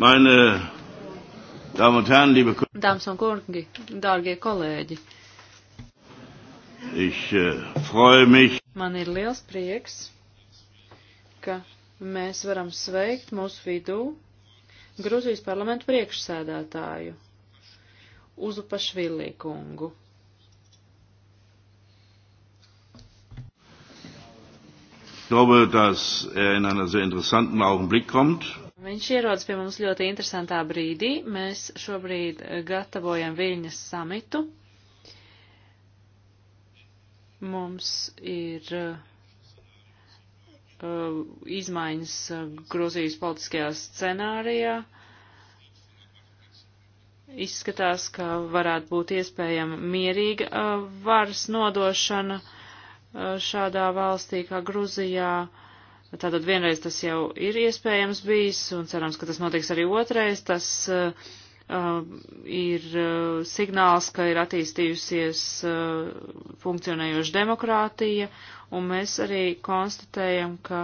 Meine Damen und Herren, liebe Dāmas un kungi, dārgie kolēģi. Ich uh, freue mich. Man ir liels prieks, ka mēs varam sveikt mūsu vidū Gruzijas parlamentu priekšsēdētāju Uzupašvili kungu. Ich glaube, dass er in einer sehr interessanten Augenblick kommt. Viņš ierodas pie mums ļoti interesantā brīdī. Mēs šobrīd eh, gatavojam Viļņas samitu. Mums ir uh, izmaiņas Gruzijas politiskajā scenārijā. Izskatās, ka varētu būt iespējama mierīga uh, varas nodošana uh, šādā valstī kā Gruzijā. Uh, Tātad vienreiz tas jau ir iespējams bijis, un cerams, ka tas notiks arī otrais. Tas uh, uh, ir uh, signāls, ka ir attīstījusies uh, funkcionējoša demokrātija, un mēs arī konstatējam, ka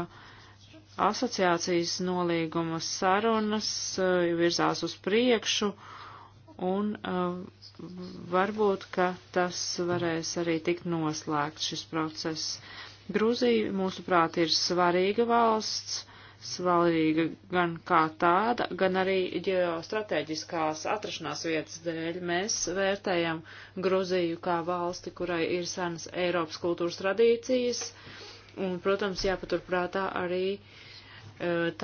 asociācijas nolīguma sarunas uh, virzās uz priekšu, un uh, varbūt, ka tas varēs arī tikt noslēgt šis process. Uh, Grūzija, mūsuprāt, ir svarīga valsts, svarīga gan kā tāda, gan arī ģeostrateģiskās atrašanās vietas dēļ. Mēs vērtējam Grūziju kā valsti, kurai ir senas Eiropas kultūras tradīcijas, un, protams, jāpaturprātā arī e,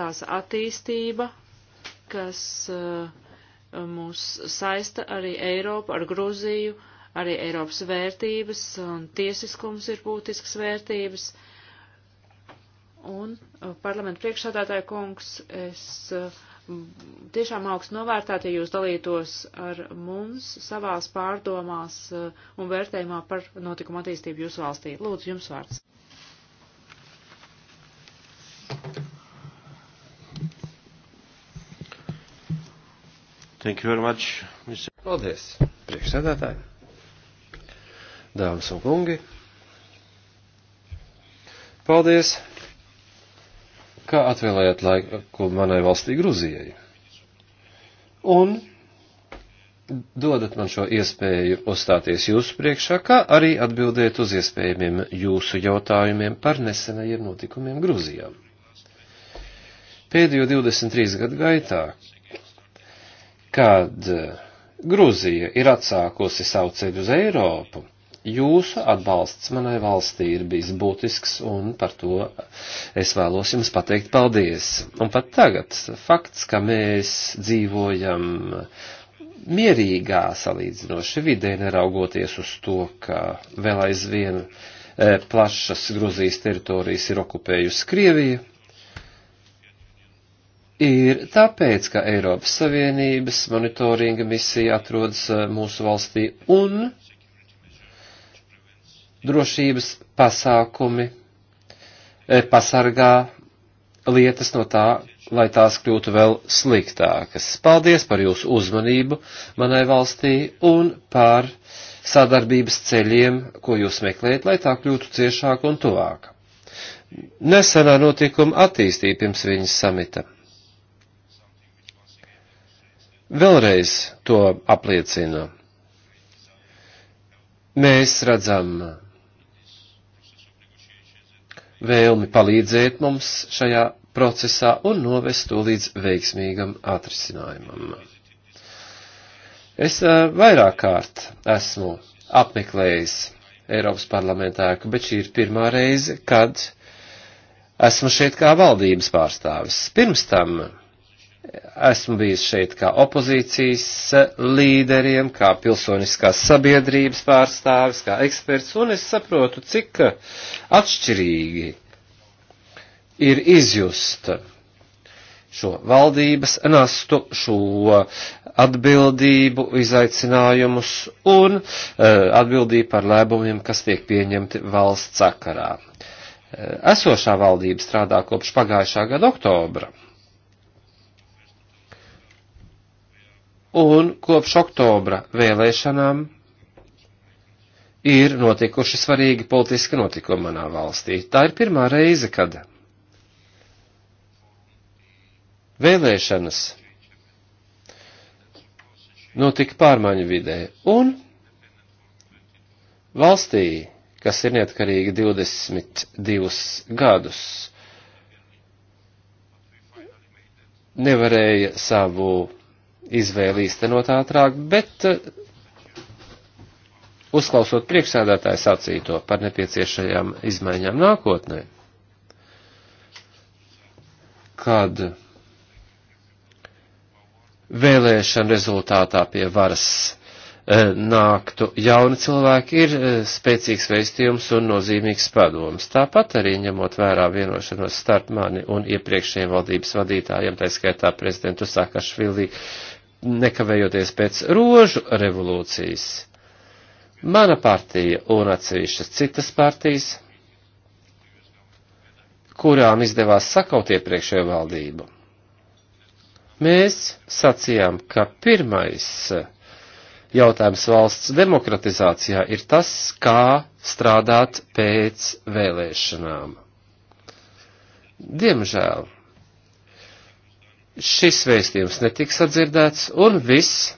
tās attīstība, kas e, mūs saista arī Eiropu ar Grūziju arī Eiropas vērtības un tiesiskums ir būtisks vērtības. Un uh, parlamentu priekšsādātāja kungs, es uh, tiešām augstu novērtētu, ja jūs dalītos ar mums savās pārdomās uh, un vērtējumā par notikumu attīstību jūsu valstī. Lūdzu, jums vārds. Thank you very much, Mr. Paldies, priekšsēdētāji dāmas un kungi. Paldies, kā atvēlējāt laiku manai valstī Gruzijai. Un dodat man šo iespēju uzstāties jūsu priekšā, kā arī atbildēt uz iespējamiem jūsu jautājumiem par nesenajiem notikumiem Gruzijā. Pēdējo 23 gadu gaitā, kad Gruzija ir atsākusi savu ceļu uz Eiropu, jūsu atbalsts manai valstī ir bijis būtisks, un par to es vēlos jums pateikt paldies. Un pat tagad fakts, ka mēs dzīvojam mierīgā salīdzinoši vidē, neraugoties uz to, ka vēl aizvien e, plašas Gruzijas teritorijas ir okupējusi Krievija, ir tāpēc, ka Eiropas Savienības monitoringa misija atrodas e, mūsu valstī un drošības pasākumi e, pasargā lietas no tā, lai tās kļūtu vēl sliktākas. Paldies par jūsu uzmanību manai valstī un par sadarbības ceļiem, ko jūs meklējat, lai tā kļūtu ciešāka un tuvāka. Nesenā notikuma attīstīja pirms viņas samita. Vēlreiz to apliecina. Mēs redzam vēlmi palīdzēt mums šajā procesā un novest to līdz veiksmīgam atrisinājumam. Es eh, vairāk kārt esmu apmeklējis Eiropas parlamentāku, bet šī ir pirmā reize, kad esmu šeit kā valdības pārstāvis. Pirms tam Esmu bijis šeit kā opozīcijas līderiem, kā pilsoniskās sabiedrības pārstāvis, kā eksperts, un es saprotu, cik atšķirīgi ir izjust šo valdības nastu, šo atbildību, izaicinājumus un uh, atbildību par lēmumiem, kas tiek pieņemti valsts sakarā. Uh, esošā valdība strādā kopš pagājušā gada oktobra un kopš oktobra vēlēšanām ir notikuši svarīgi politiski notikumi manā valstī. Tā ir pirmā reize, kad vēlēšanas notika pārmaiņu vidē, un valstī, kas ir neatkarīga 22 gadus, nevarēja savu izvēli īstenot ātrāk, bet eh, uzklausot priekšsēdētāju sacīto par nepieciešajām izmaiņām nākotnē, kad vēlēšana rezultātā pie varas eh, nāktu jauni cilvēki, ir eh, spēcīgs veistījums un nozīmīgs padoms. Tāpat arī ņemot vērā vienošanos starp mani un iepriekšējiem valdības vadītājiem, tā skaitā prezidentu Sakašvili, uh, nekavējoties pēc rožu revolūcijas. Mana partija un atsevišķas citas partijas, kurām izdevās sakaut iepriekšējo valdību. Mēs sacījām, ka pirmais jautājums valsts demokratizācijā ir tas, kā strādāt pēc vēlēšanām. Diemžēl šis vēstījums netiks atdzirdēts, un viss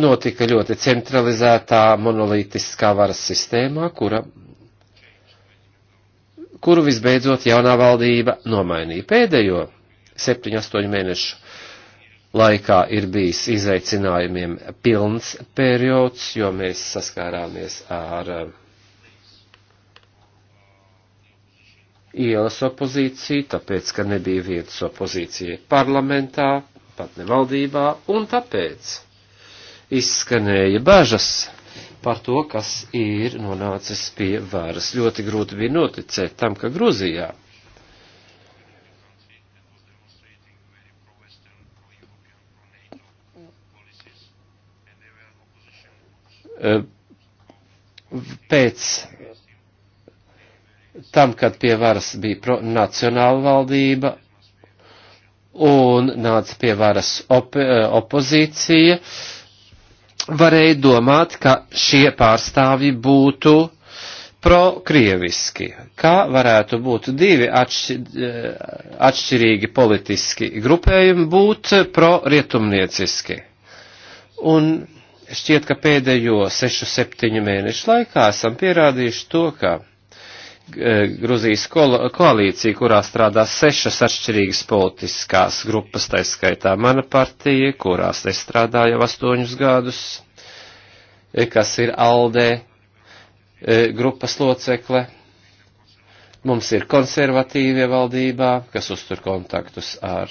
notika ļoti centralizētā monolītiskā varas sistēmā, kura, kuru visbeidzot jaunā valdība nomainīja. Pēdējo 7-8 mēnešu laikā ir bijis izaicinājumiem pilns periods, jo mēs saskārāmies ar uh, ielas opozīciju, tāpēc, ka nebija vietas opozīcijai parlamentā, pat ne valdībā, un tāpēc izskanēja bažas par to, kas ir nonācis pie varas. Ļoti grūti bija noticēt tam, ka Gruzijā eh, pēc tam, kad pie varas bija pro, nacionāla valdība un nāca pie varas op, eh, opozīcija, varēja domāt, ka šie pārstāvji būtu prokrieviski, kā varētu būt divi atšķi, eh, atšķirīgi politiski grupējumi būt prorietumnieciski. Un šķiet, ka pēdējo sešu, septiņu mēnešu laikā esam pierādījuši to, ka Eh, Gruzijas koalīcija, kurā strādā sešas atšķirīgas politiskās grupas, tā skaitā mana partija, kurās es strādāju jau astoņus gadus, eh, kas ir Aldē eh, grupas locekle. Mums ir konservatīvie valdībā, kas uztur kontaktus ar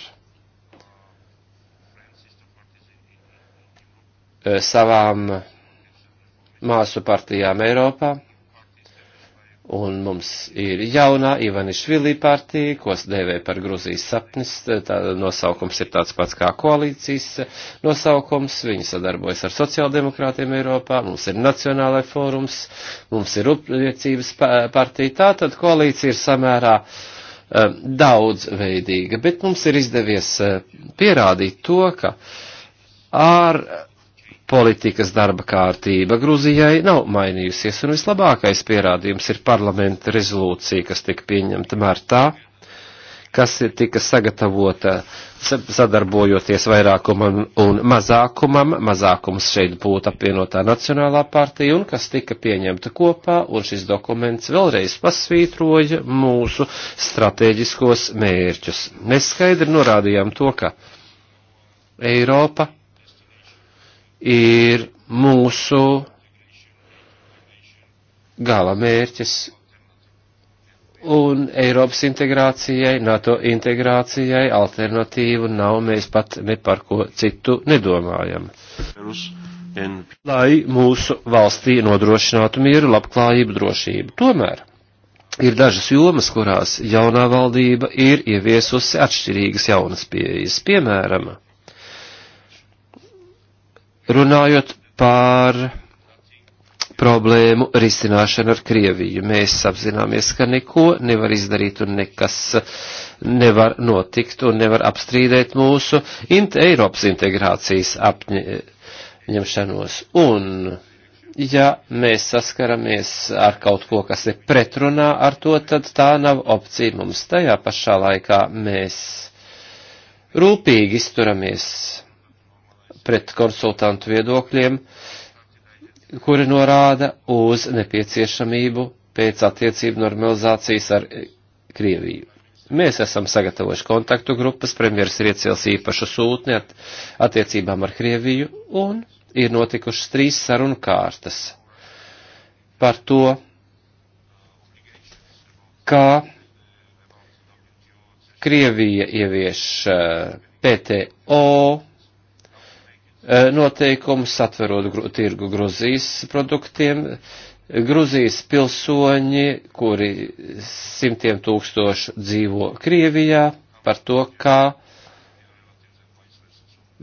savām māsu partijām Eiropā. Un mums ir jaunā Ivanišvili partija, ko dēvē par Gruzijas sapnis. Tā nosaukums ir tāds pats kā koalīcijas nosaukums. Viņi sadarbojas ar sociāldemokrātiem Eiropā. Mums ir Nacionālai fórums, mums ir Rūpniecības partija. Tātad koalīcija ir samērā um, e, daudzveidīga, bet mums ir izdevies uh, pierādīt to, ka ar politikas darba kārtība Gruzijai nav mainījusies, un vislabākais pierādījums ir parlamenta rezolūcija, kas tika pieņemta martā, kas tika sagatavota sadarbojoties vairākumam un mazākumam. Mazākums šeit būtu apvienotā nacionālā partija un kas tika pieņemta kopā, un šis dokuments vēlreiz pasvītroja mūsu strateģiskos mērķus. Mēs skaidri norādījām to, ka Eiropa ir mūsu gala mērķis un Eiropas integrācijai, NATO integrācijai alternatīvu nav, mēs pat ne par ko citu nedomājam. Lai mūsu valstī nodrošinātu mieru, labklājību, drošību. Tomēr ir dažas jomas, kurās jaunā valdība ir ieviesusi atšķirīgas jaunas pieejas, piemēram, Runājot par problēmu risināšanu ar Krieviju. Mēs apzināmies, ka neko nevar izdarīt un nekas nevar notikt un nevar apstrīdēt mūsu int Eiropas integrācijas apņemšanos. Un, ja mēs saskaramies ar kaut ko, kas ir pretrunā ar to, tad tā nav opcija mums. Tajā pašā laikā mēs rūpīgi izturamies pret konsultantu viedokļiem, kuri norāda uz nepieciešamību pēc attiecību normalizācijas ar Krieviju. Mēs esam sagatavojuši kontaktu grupas, premjeras ir iecēls īpašu sūtni at, attiecībām ar Krieviju un ir notikušas trīs sarunu kārtas par to, kā Krievija ievieš eh, PTO Eh, noteikumus, atverot gru, tirgu Gruzijas produktiem. Gruzijas pilsoņi, kuri simtiem tūkstošu dzīvo Krievijā, par to, kā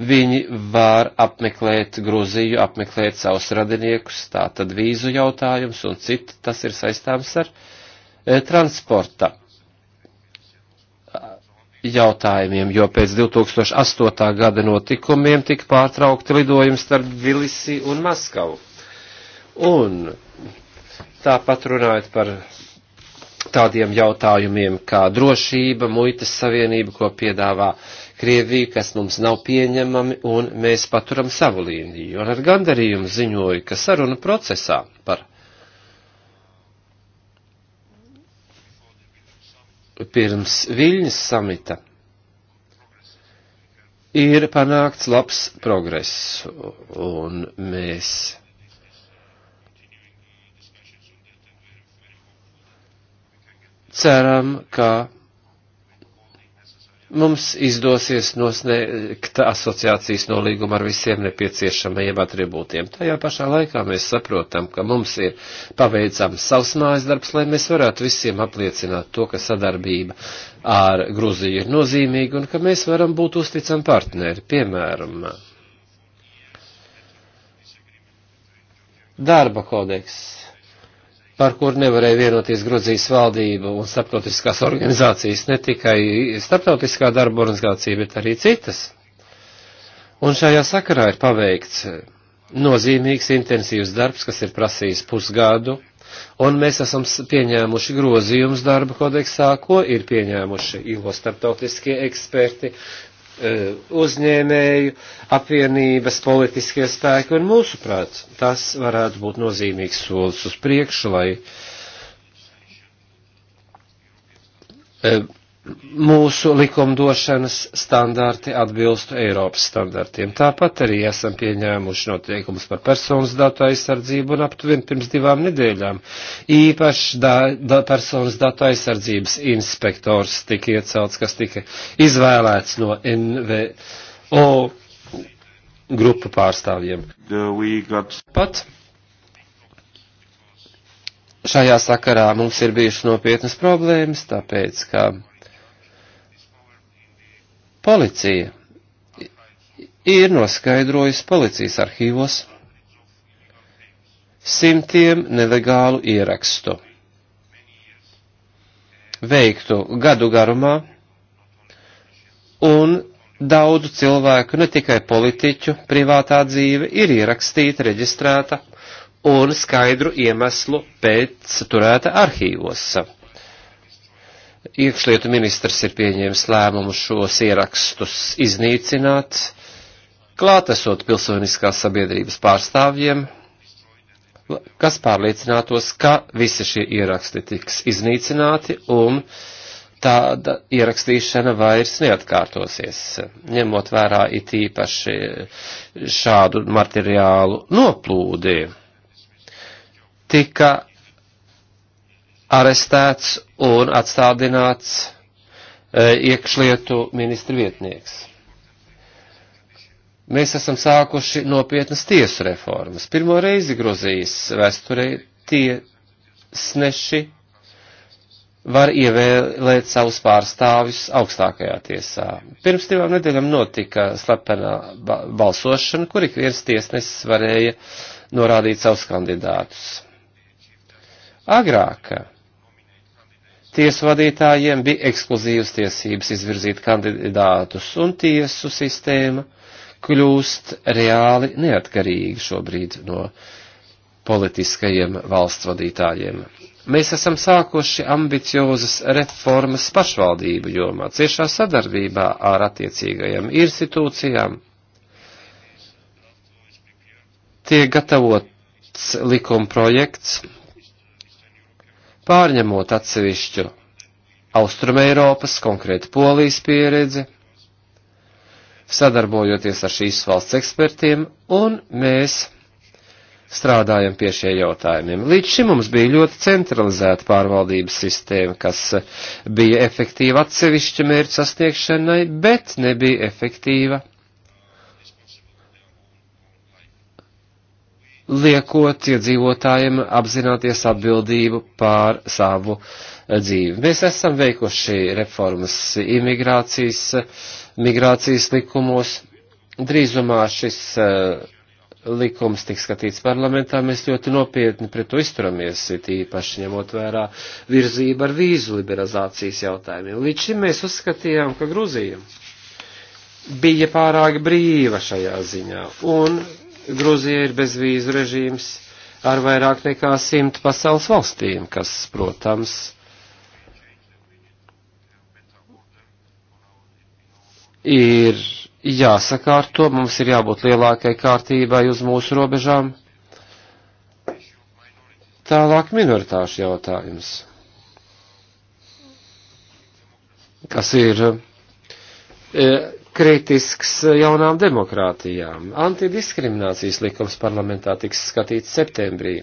viņi var apmeklēt Gruziju, apmeklēt savus radiniekus, tā tad vīzu jautājums un citi, tas ir saistāms ar e, transporta jautājumiem, jo pēc 2008. gada notikumiem tika pārtraukti lidojumi starp Vilisi un Maskavu. Un tāpat runājot par tādiem jautājumiem kā drošība, muitas savienība, ko piedāvā Krievija, kas mums nav pieņemami, un mēs paturam savu līniju. Un ar gandarījumu ziņoju, ka saruna procesā par pirms Viļņas samita ir panākts labs progress, un mēs ceram, ka mums izdosies nosniegt asociācijas nolīgumu ar visiem nepieciešamajiem atribūtiem. Tajā pašā laikā mēs saprotam, ka mums ir paveicams savs mājas darbs, lai mēs varētu visiem apliecināt to, ka sadarbība ar Gruziju ir nozīmīga un ka mēs varam būt uzticami partneri, piemēram. Darba kodeks par kur nevarēja vienoties Gruzijas valdība un starptautiskās organizācijas, ne tikai starptautiskā darba organizācija, bet arī citas. Un šajā sakarā ir paveikts nozīmīgs intensīvs darbs, kas ir prasījis pusgadu, un mēs esam pieņēmuši grozījumus darba kodeksā, ko ir pieņēmuši ILO starptautiskie eksperti, E, uzņēmēju, apvienības, politiskie spēki, un mūsuprāt, tas varētu būt nozīmīgs solis uz priekšu, lai e, mūsu likumdošanas standarti atbilstu Eiropas standartiem. Tāpat arī esam pieņēmuši noteikumus par personas datu aizsardzību un aptuveni pirms divām nedēļām. Īpaši da, da, personas datu aizsardzības inspektors tika iecelts, kas tika izvēlēts no NVO grupu pārstāvjiem. Got... Pat šajā sakarā mums ir bijušas nopietnas problēmas, tāpēc, ka Policija ir noskaidrojusi policijas arhīvos simtiem nelegālu ierakstu veiktu gadu garumā, un daudzu cilvēku, ne tikai politiķu, privātā dzīve ir ierakstīta, reģistrēta un skaidru iemeslu pēc turēta arhīvos. Iekšlietu ministrs ir pieņēmis lēmumu šos ierakstus iznīcināt, klātesot pilsoniskās sabiedrības pārstāvjiem, kas pārliecinātos, ka visi šie ieraksti tiks iznīcināti un tāda ierakstīšana vairs neatkārtosies, ņemot vērā it īpaši šādu materiālu noplūdi. Tika arestēts un atstādināts e, iekšlietu ministra vietnieks. Mēs esam sākuši nopietnas tiesu reformas. Pirmo reizi Grozijas vēsturē tiesneši var ievēlēt savus pārstāvjus augstākajā tiesā. Pirms divām nedēļām notika slepenā balsošana, kur ik viens tiesnesis varēja norādīt savus kandidātus. Agrāk tiesvadītājiem bija ekskluzīvas tiesības izvirzīt kandidātus, un tiesu sistēma kļūst reāli neatkarīga šobrīd no politiskajiem valsts vadītājiem. Mēs esam sākuši ambiciozas reformas pašvaldību jomā, ciešā sadarbībā ar attiecīgajām institūcijām. Tiek gatavots likuma projekts, pārņemot atsevišķu Austrum Eiropas, konkrēti Polijas pieredzi, sadarbojoties ar šīs valsts ekspertiem, un mēs strādājam pie šie jautājumiem. Līdz šim mums bija ļoti centralizēta pārvaldības sistēma, kas bija efektīva atsevišķa mērķa sasniegšanai, bet nebija efektīva liekot iedzīvotājiem apzināties atbildību pār savu eh, dzīvi. Mēs esam veikuši reformas imigrācijas, migrācijas likumos. Drīzumā šis eh, likums tiks skatīts parlamentā, mēs ļoti nopietni pret to izturamies, it īpaši ņemot vērā virzību ar vīzu liberalizācijas jautājumiem. Līdz šim mēs uzskatījām, ka Gruzija bija pārāk brīva šajā ziņā, un Gruzija ir bezvīzu režīms ar vairāk nekā simt pasaules valstīm, kas, protams, ir jāsakārto, mums ir jābūt lielākai kārtībai uz mūsu robežām. Tālāk minoritāšu jautājums, kas ir e, kritisks jaunām demokrātijām. Antidiskriminācijas likums parlamentā tiks skatīts septembrī,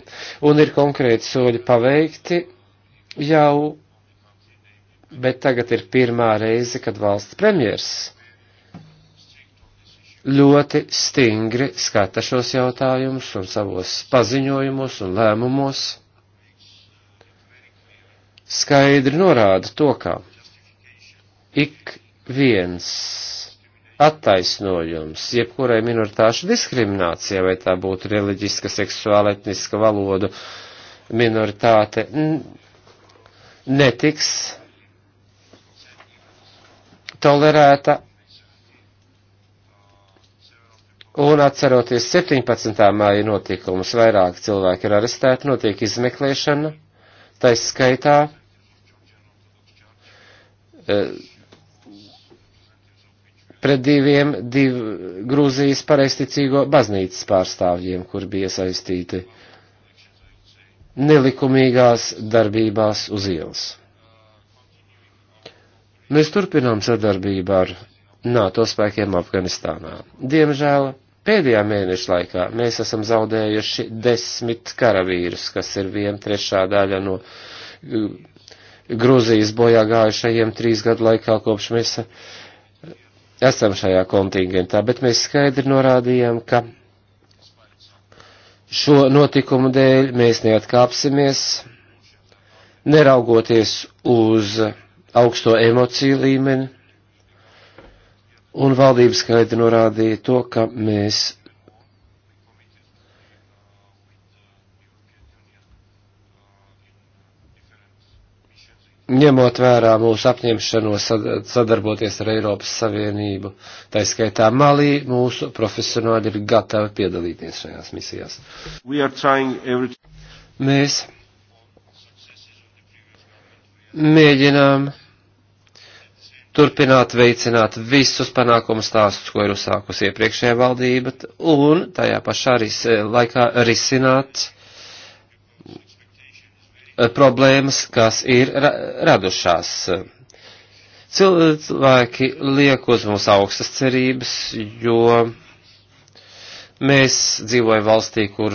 un ir konkrēti soļi paveikti jau, bet tagad ir pirmā reize, kad valsts premjers ļoti stingri skata šos jautājumus un savos paziņojumos un lēmumos skaidri norāda to, ka ik viens attaisnojums jebkurai minoritāšu diskriminācijai, vai tā būtu reliģiska, seksuāla, etniska valodu minoritāte, netiks tolerēta. Un atceroties 17. māja notikumus, vairāk cilvēki ir arestēti, notiek izmeklēšana, taisa skaitā. Uh, eh, pret diviem div, Grūzijas pareisticīgo baznīcas pārstāvjiem, kur bija iesaistīti nelikumīgās darbībās uz ielas. Mēs turpinām sadarbību ar NATO spēkiem Afganistānā. Diemžēl Pēdējā mēneša laikā mēs esam zaudējuši desmit karavīrus, kas ir viena trešā daļa no uh, Grūzijas bojā gājušajiem trīs gadu laikā, kopš mēs esam šajā kontingentā, bet mēs skaidri norādījām, ka šo notikumu dēļ mēs neatkāpsimies, neraugoties uz augsto emociju līmeni, un valdības skaidri norādīja to, ka mēs ņemot vērā mūsu apņemšanos sadarboties ar Eiropas Savienību, tā skaitā Malī, mūsu profesionāļi ir gatavi piedalīties šajās misijās. Every... Mēs mēģinām turpināt veicināt visus panākumu stāstus, ko ir uzsākusi iepriekšējā valdība, un tajā pašā ris laikā risināt uh, Eh, problēmas, kas ir ra radušās. Cilvēki liek uz mums augstas cerības, jo mēs dzīvojam valstī, kur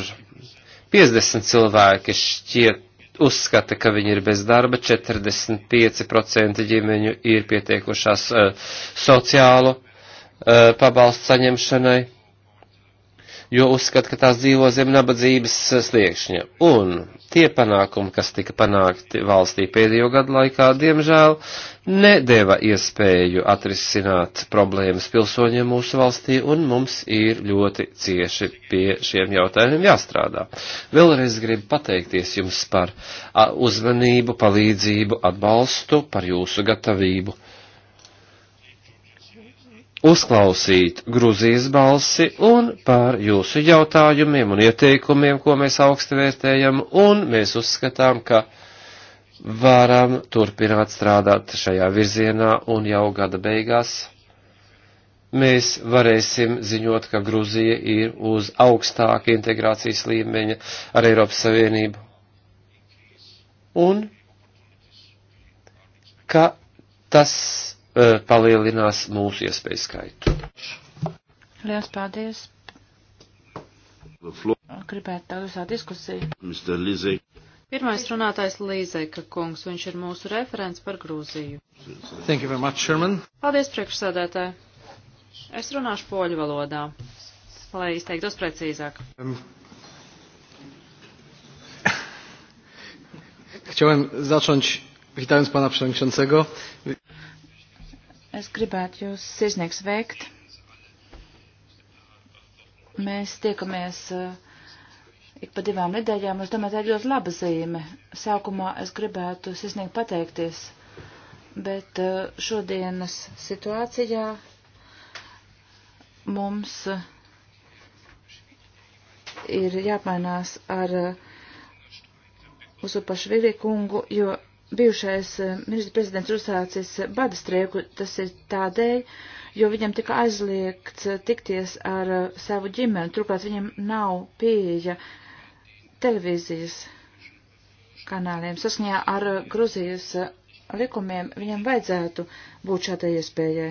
50 cilvēki šķiet uzskata, ka viņi ir bez darba, 45% ģimeņu ir pietiekušās uh, sociālu uh, pabalstu saņemšanai jo uzskata, ka tās dzīvo zem nabadzības eh, sliekšņa. Un tie panākumi, kas tika panākti valstī pēdējo gadu laikā, diemžēl nedēva iespēju atrisināt problēmas pilsoņiem mūsu valstī, un mums ir ļoti cieši pie šiem jautājumiem jāstrādā. Vēlreiz gribu pateikties jums par uzmanību, palīdzību, atbalstu, par jūsu gatavību uzklausīt Gruzijas balsi un par jūsu jautājumiem un ieteikumiem, ko mēs augstu vērtējam, un mēs uzskatām, ka varam turpināt strādāt šajā virzienā un jau gada beigās mēs varēsim ziņot, ka Gruzija ir uz augstāka integrācijas līmeņa ar Eiropas Savienību. Un ka tas E, palielinās mūsu iespēju skaitu. Lielas paldies! Gribētu tādu sā diskusiju. Pirmais runātājs Līzeka kungs, viņš ir mūsu referents par Grūziju. Thank you very much, Sherman. Paldies, priekšsēdētāji. Es runāšu poļu valodā, lai izteiktos precīzāk. Um. Chciałem zacząć, witając pana przewodniczącego. Es gribētu jūs sirsnieks veikt. Mēs tiekamies eh, ik pa divām nedēļām. Es domāju, tā ir ļoti laba zīme. Sākumā es gribētu sirsnieks pateikties, bet eh, šodienas situācijā mums eh, ir jāpainās ar Uzupašvili kungu, jo bijušais eh, ministra prezidents uzsācis badastrieku, tas ir tādēļ, jo viņam tika aizliegts eh, tikties ar eh, savu ģimeni, turklāt viņam nav pieeja televīzijas kanāliem. Saskaņā ar Gruzijas likumiem viņam vajadzētu būt šādai iespējai.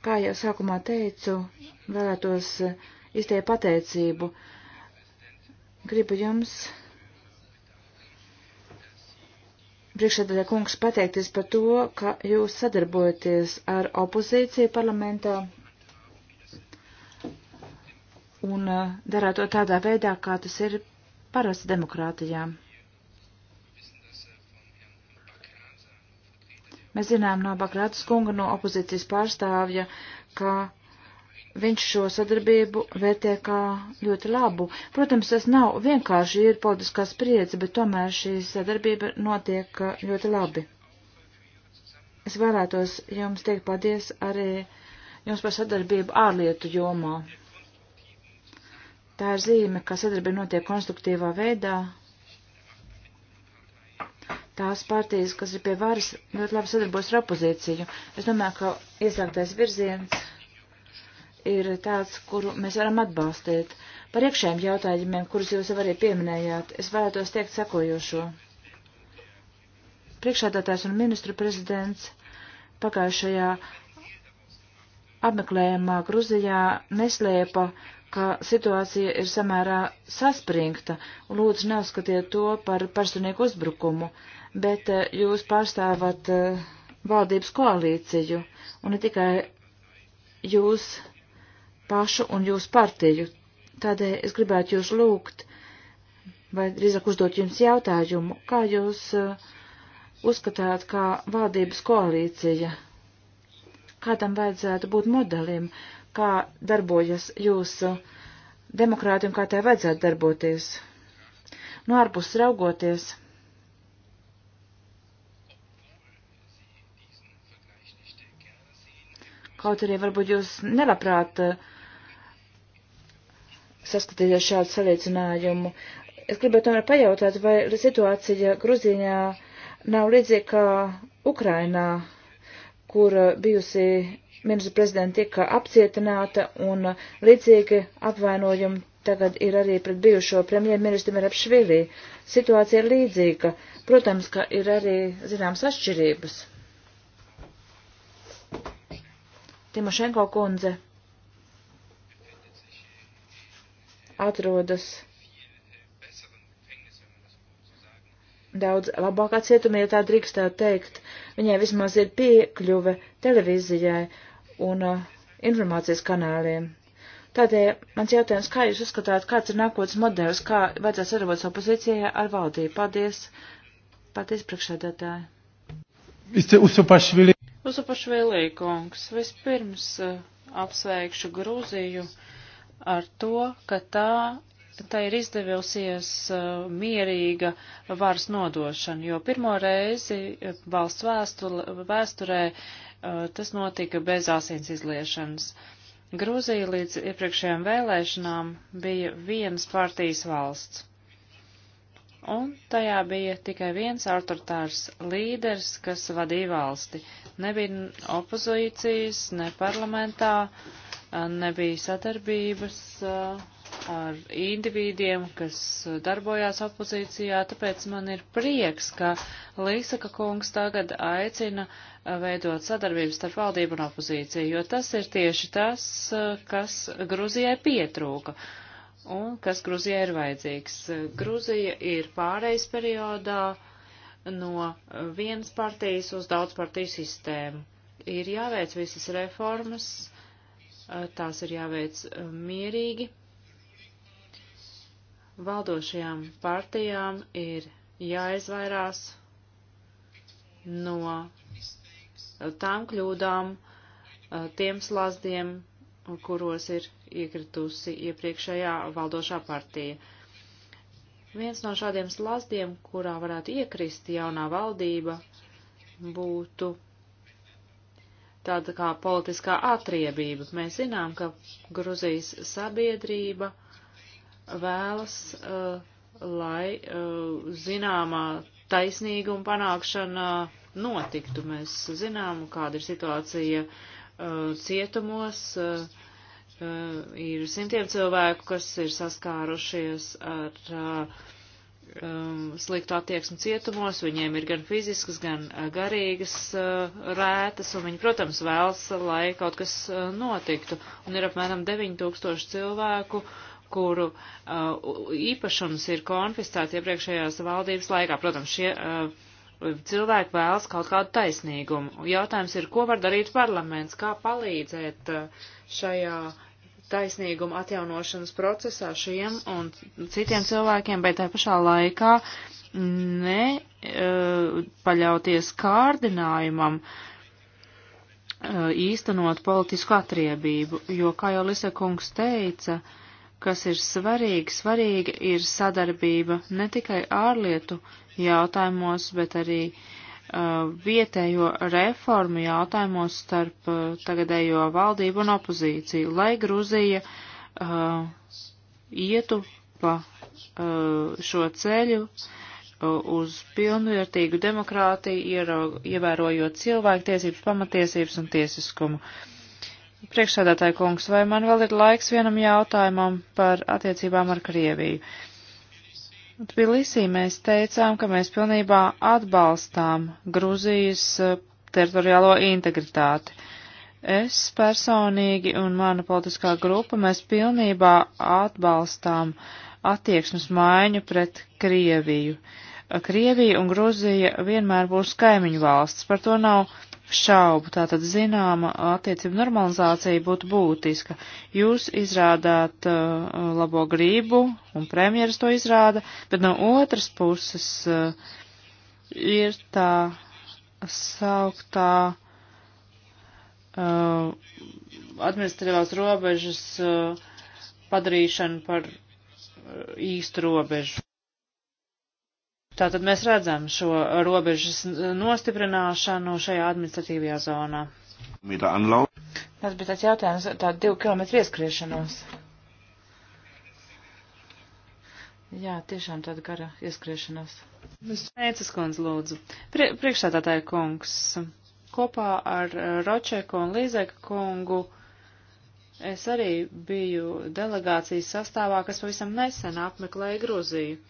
Kā jau sākumā teicu, vēlētos izteikt pateicību. Gribu jums priekšsēdētāja kungs pateikties par to, ka jūs sadarbojaties ar opozīciju parlamentā un uh, darāt to tādā veidā, kā tas ir parasti demokrātijā. Mēs zinām no Bakrātas kunga, no opozīcijas pārstāvja, ka viņš šo sadarbību vērtē kā ļoti labu. Protams, tas nav vienkārši ir politiskā spriedze, bet tomēr šī sadarbība notiek uh, ļoti labi. Es vēlētos jums teikt paldies arī jums par sadarbību ārlietu jomā. Tā ir zīme, ka sadarbība notiek konstruktīvā veidā. Tās partijas, kas ir pie varas, ļoti labi sadarbos ar opozīciju. Es domāju, ka iesāktais virziens ir tāds, kuru mēs varam atbalstīt. Par iekšējiem jautājumiem, kurus jūs jau arī pieminējāt, es vēlētos teikt sekojošo. Priekšādātājs un ministru prezidents pagājušajā apmeklējumā Gruzijā neslēpa, ka situācija ir samērā saspringta, un lūdzu neuzskatiet to par personīgu uzbrukumu, bet eh, jūs pārstāvat eh, valdības koalīciju, un ne tikai jūs pašu un jūsu partiju. Tādēļ es gribētu jūs lūgt, vai drīzāk uzdot jums jautājumu, kā jūs uh, uzskatāt, kā valdības koalīcija, kādam vajadzētu būt modelim, kā darbojas jūsu demokrātiem, kā tai vajadzētu darboties. No ārpus raugoties, kaut arī varbūt jūs nelabprāt uh, saskatīties šādu salīdzinājumu. Es gribētu tomēr pajautāt, vai situācija Gruzīņā nav līdzīga kā Ukrainā, kur uh, bijusi ministra prezidenta tika apcietināta un uh, līdzīgi apvainojumi tagad ir arī pret bijušo premjerministru Merapšvili. Situācija ir līdzīga. Protams, ka ir arī zināmas atšķirības. Timošenko kundze. atrodas daudz labākā cietumā, ja tā drīkstētu teikt. Viņai vismaz ir piekļuve televīzijai un uh, informācijas kanāliem. Tādēļ mans jautājums, kā jūs uzskatāt, kāds ir nākotnes modelis, kā vajadzētu sarunāt opozīcijai ar valdību? Paldies, paldies priekšsēdētāji. Usupašvili kungs, vispirms uh, apsveikšu Grūziju ar to, ka tā, tā ir izdevusies uh, mierīga varas nodošana, jo pirmo reizi uh, valsts vēstule, vēsturē uh, tas notika bez asins izliešanas. Grūzija līdz iepriekšējām vēlēšanām bija vienas partijas valsts. Un tajā bija tikai viens autoritārs līderis, kas vadīja valsti. Nebija opozīcijas, ne parlamentā, uh, nebija sadarbības uh, ar indivīdiem, kas darbojās opozīcijā, tāpēc man ir prieks, ka Līsaka kungs tagad aicina uh, veidot sadarbības starp valdību un opozīciju, jo tas ir tieši tas, uh, kas Gruzijai pietrūka un kas Gruzijai ir vajadzīgs. Gruzija ir pārejas periodā no vienas partijas uz daudz partiju sistēmu. Ir jāveic visas reformas, Eh, tās ir jāveic eh, mierīgi. Valdošajām partijām ir jāizvairās no eh, tām kļūdām, tiem slazdiem, kuros ir iekritusi iepriekšējā valdošā partija. Viens no šādiem slazdiem, kurā varētu iekrist jaunā valdība, būtu tāda kā politiskā atriebība. Mēs zinām, ka Gruzijas sabiedrība vēlas, uh, lai uh, zināmā taisnīguma panākšana notiktu. Mēs zinām, kāda ir situācija uh, cietumos. Uh, uh, ir simtiem cilvēku, kas ir saskārušies ar uh, um, sliktu attieksmi cietumos, viņiem ir gan fiziskas, gan uh, garīgas uh, rētas, un viņi, protams, vēlas, lai kaut kas uh, notiktu. Un ir apmēram 9000 cilvēku, kuru uh, īpašums ir konfiscēts iepriekšējās valdības laikā. Protams, šie uh, cilvēki vēlas kaut kādu taisnīgumu. Jautājums ir, ko var darīt parlaments, kā palīdzēt uh, šajā taisnīguma atjaunošanas procesā šiem un citiem cilvēkiem, bet tā pašā laikā ne uh, paļauties kārdinājumam uh, īstenot politisku atriebību, jo, kā jau Lisa kungs teica, kas ir svarīgi, svarīga ir sadarbība ne tikai ārlietu jautājumos, bet arī uh, Uh, vietējo reformu jautājumos starp uh, tagadējo valdību un opozīciju, lai Gruzija uh, ietu pa uh, šo ceļu uh, uz pilnvērtīgu demokrātiju, ievērojot cilvēktiesības, pamatiesības un tiesiskumu. Priekšsēdētāji kungs, vai man vēl ir laiks vienam jautājumam par attiecībām ar Krieviju? Uh, Tbilisī mēs teicām, ka mēs pilnībā atbalstām Gruzijas e, teritoriālo integritāti. Es personīgi un mana politiskā grupa mēs pilnībā atbalstām attieksmes maiņu pret Krieviju. Krievija un Gruzija vienmēr būs kaimiņu valsts, par to nav šaubu. Tātad zināma attiecība normalizācija būtu būtiska. Jūs izrādāt uh, labo grību, un premjeras to izrāda, bet no otras puses uh, ir tā sauktā uh, administratīvās robežas uh, padarīšana par uh, īstu robežu. Tātad mēs redzam šo robežas nostiprināšanu šajā administratīvajā zonā. Tas bija tāds jautājums, tā divu kilometru ieskriešanos. Jā, tiešām tāda gara ieskriešanās. Nēcas kundz, lūdzu. Prie, priekšstādātāja kungs, kopā ar Ročeku un Līzeku kungu. Es arī biju delegācijas sastāvā, kas pavisam nesen apmeklēja Gruziju.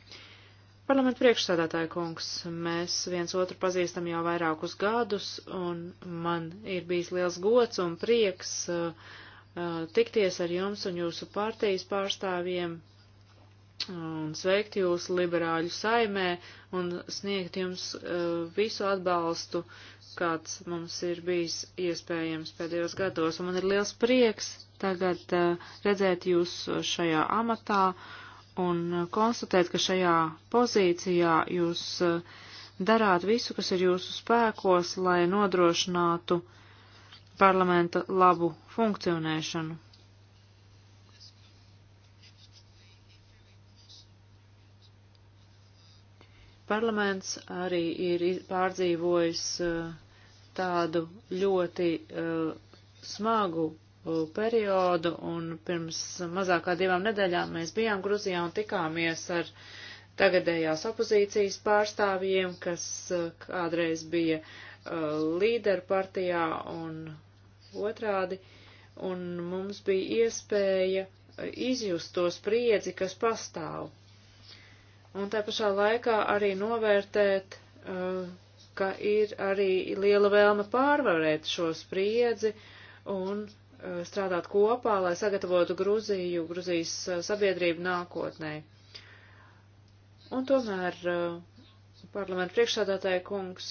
Parlamenta priekšsādātāja kungs, mēs viens otru pazīstam jau vairākus gadus, un man ir bijis liels gods un prieks uh, uh, tikties ar jums un jūsu partijas pārstāvjiem un sveikt jūs liberāļu saimē un sniegt jums uh, visu atbalstu, kāds mums ir bijis iespējams pēdējos gados. Un man ir liels prieks tagad uh, redzēt jūs šajā amatā un konstatēt, ka šajā pozīcijā jūs eh, darāt visu, kas ir jūsu spēkos, lai nodrošinātu parlamenta labu funkcionēšanu. Parlaments arī ir pārdzīvojis eh, tādu ļoti eh, smagu Uh, periodu, un pirms mazākā divām nedēļām mēs bijām Gruzijā un tikāmies ar tagadējās opozīcijas pārstāvjiem, kas uh, kādreiz bija uh, līderu partijā un otrādi, un mums bija iespēja izjust to spriedzi, kas pastāv. Un tā pašā laikā arī novērtēt, ka ir arī liela vēlme pārvarēt šo spriedzi un Eh, strādāt kopā, lai sagatavotu Gruziju, Gruzijas eh, sabiedrību nākotnē. Un tomēr, eh, parlamentu priekšsādātāja kungs,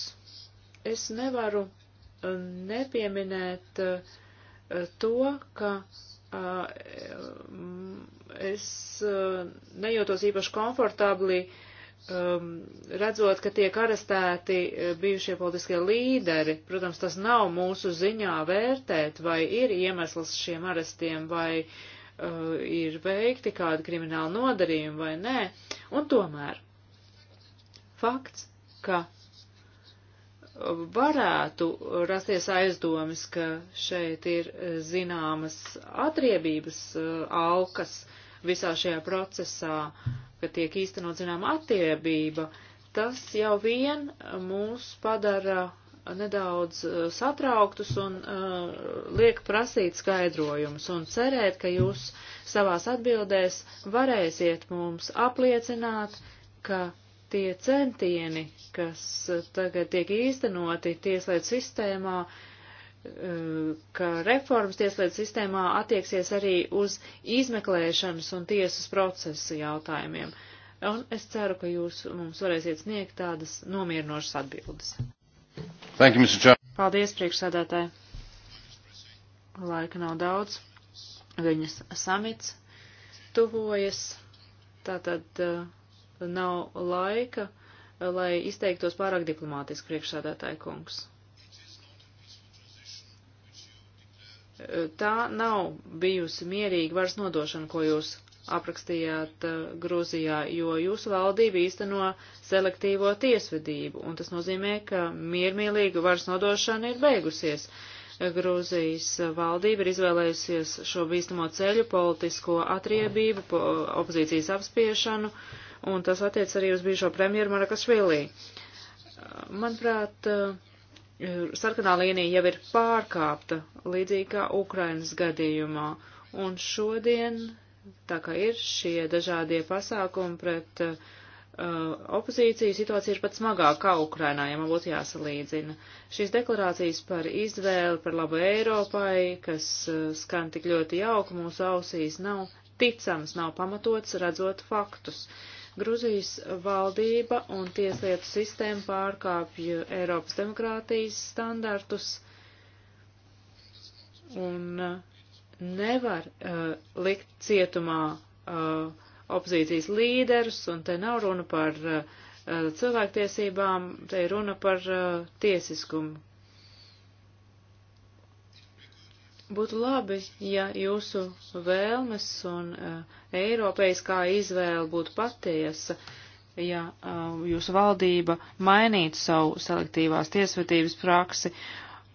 es nevaru nepieminēt to, ka es nejūtos īpaši komfortabli uh, um, redzot, ka tiek arestēti eh, bijušie politiskie līderi, protams, tas nav mūsu ziņā vērtēt, vai ir iemesls šiem arestiem, vai uh, ir veikti kādi krimināli nodarījumi vai nē. Un tomēr fakts, ka uh, varētu rasties aizdomas, ka šeit ir eh, zināmas atriebības uh, eh, aukas visā šajā procesā. Uh, ka tiek īstenot zinām attiebība, tas jau vien mūs padara nedaudz eh, satrauktus un uh, liek prasīt skaidrojumus un cerēt, ka jūs savās atbildēs varēsiet mums apliecināt, ka tie centieni, kas eh, tagad tiek īstenoti tieslietu sistēmā, uh, ka reformas tieslietu sistēmā attieksies arī uz izmeklēšanas un tiesas procesu jautājumiem. Un es ceru, ka jūs mums varēsiet sniegt tādas nomierinošas atbildes. Thank you, Mr. Chair. Paldies, priekšsēdētāji. Laika nav daudz. Viņas samits tuvojas. Tātad uh, nav laika, uh, lai izteiktos pārāk diplomātiski priekšsēdētāji kungs. tā nav bijusi mierīga varas nodošana, ko jūs aprakstījāt uh, Grūzijā, jo jūsu valdība īsteno selektīvo tiesvedību, un tas nozīmē, ka miermīlīga varas nodošana ir beigusies. Eh, Grūzijas valdība ir izvēlējusies šo bīstamo ceļu, politisko atriebību, po, opozīcijas apspiešanu, un tas attiec arī uz bijušo premjeru Marakašvilī. Eh, Manuprāt, uh, sarkanā līnija jau ir pārkāpta, līdzīgi kā Ukrainas gadījumā. Un šodien, tā kā ir šie dažādie pasākumi pret uh, opozīciju, situācija ir pat smagākā Ukrainā, ja man būtu jāsalīdzina. Šīs deklarācijas par izvēli, par labu Eiropai, kas uh, skan tik ļoti jauki mūsu ausīs, nav ticams, nav pamatots, redzot faktus. Uh, Gruzijas valdība un tieslietu sistēma pārkāpj Eiropas demokrātijas standartus un uh, nevar uh, likt cietumā uh, opozīcijas līderus, un te nav runa par uh, uh cilvēktiesībām, te ir runa par uh, tiesiskumu. Būtu labi, ja jūsu vēlmes un uh, eiropeiskā izvēle būtu patiesa, ja uh, jūsu valdība mainītu savu selektīvās tiesvedības praksi,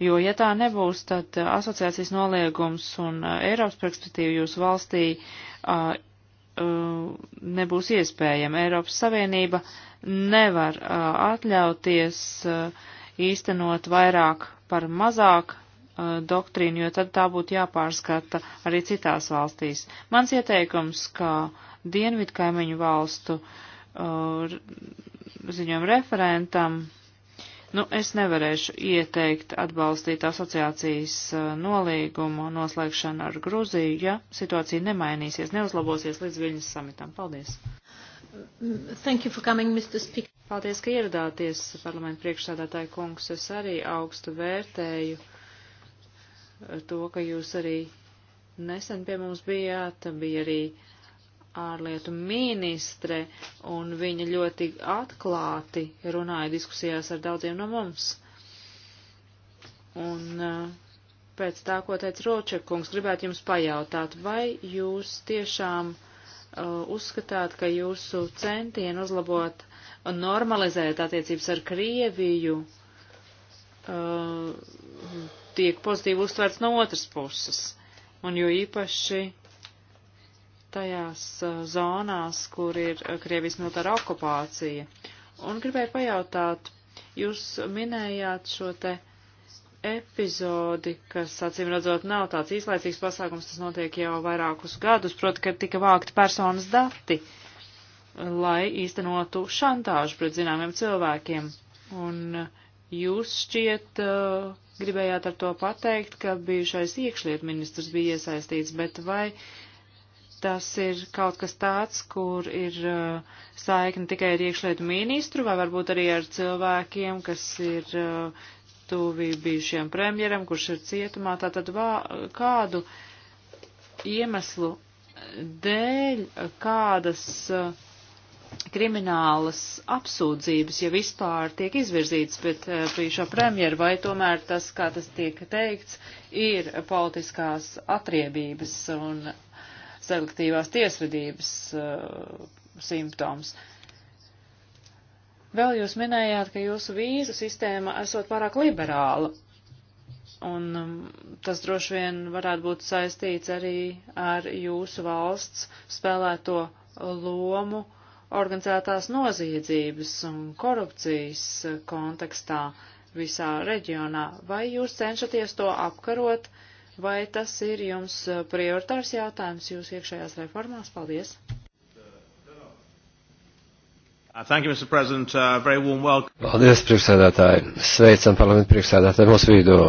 jo, ja tā nebūs, tad uh, asociācijas noliegums un uh, Eiropas perspektīva jūsu valstī uh, nebūs iespējama. Eiropas Savienība nevar uh, atļauties uh, īstenot vairāk par mazāk, Uh, doktrīnu, jo tad tā būtu jāpārskata arī citās valstīs. Mans ieteikums, kā dienvidu kaimiņu valstu uh, ziņojumu referentam, nu, es nevarēšu ieteikt atbalstīt asociācijas uh, nolīgumu noslēgšanu ar Gruziju, ja situācija nemainīsies, neuzlabosies līdz viņas samitam. Paldies! Thank you for coming, Mr. Speaker. Paldies, ka ieradāties, parlamenta priekšsādātāja kungs. Es arī augstu vērtēju to, ka jūs arī nesen pie mums bijāt, bija arī ārlietu ministre, un viņa ļoti atklāti runāja diskusijās ar daudziem no mums. Un eh, pēc tā, ko teica Ročekungs, gribētu jums pajautāt, vai jūs tiešām uh, uzskatāt, ka jūsu centieni uzlabot un normalizēt attiecības ar Krieviju uh, tiek pozitīvi uztverts no otras puses. Un jo īpaši tajās eh, zonās, kur ir eh, Krievijas militāra okupācija. Un gribēju pajautāt, jūs minējāt šo te epizodi, kas, acīm redzot, nav tāds īslaicīgs pasākums, tas notiek jau vairākus gadus, proti, ka tika vākti personas dati, lai īstenotu šantāžu pret zināmiem cilvēkiem. Un eh, jūs šķiet uh, gribējāt ar to pateikt, ka bijušais iekšliet ministrs bija iesaistīts, bet vai tas ir kaut kas tāds, kur ir uh, saikni tikai ar iekšlietu ministru, vai varbūt arī ar cilvēkiem, kas ir uh, tuvi bijušiem premjeram, kurš ir cietumā, tātad vā, kādu iemeslu dēļ, kādas uh, kriminālas apsūdzības, ja vispār tiek izvirzītas pret bijušo eh, premjeru, vai tomēr tas, kā tas tiek teikts, ir politiskās atriebības un selektīvās tiesvedības uh, simptoms. Vēl jūs minējāt, ka jūsu vīzu sistēma esot pārāk liberāla, un um, tas droši vien varētu būt saistīts arī ar jūsu valsts spēlēto lomu uh, organizētās noziedzības un korupcijas kontekstā visā reģionā. Vai jūs cenšaties to apkarot, vai tas ir jums prioritārs jautājums jūsu iekšējās reformās? Paldies! Uh, thank you, Mr. President. Uh, very warm welcome. Paldies, priekšsēdētāji. Sveicam parlamentu priekšsēdētāju mūsu vidū.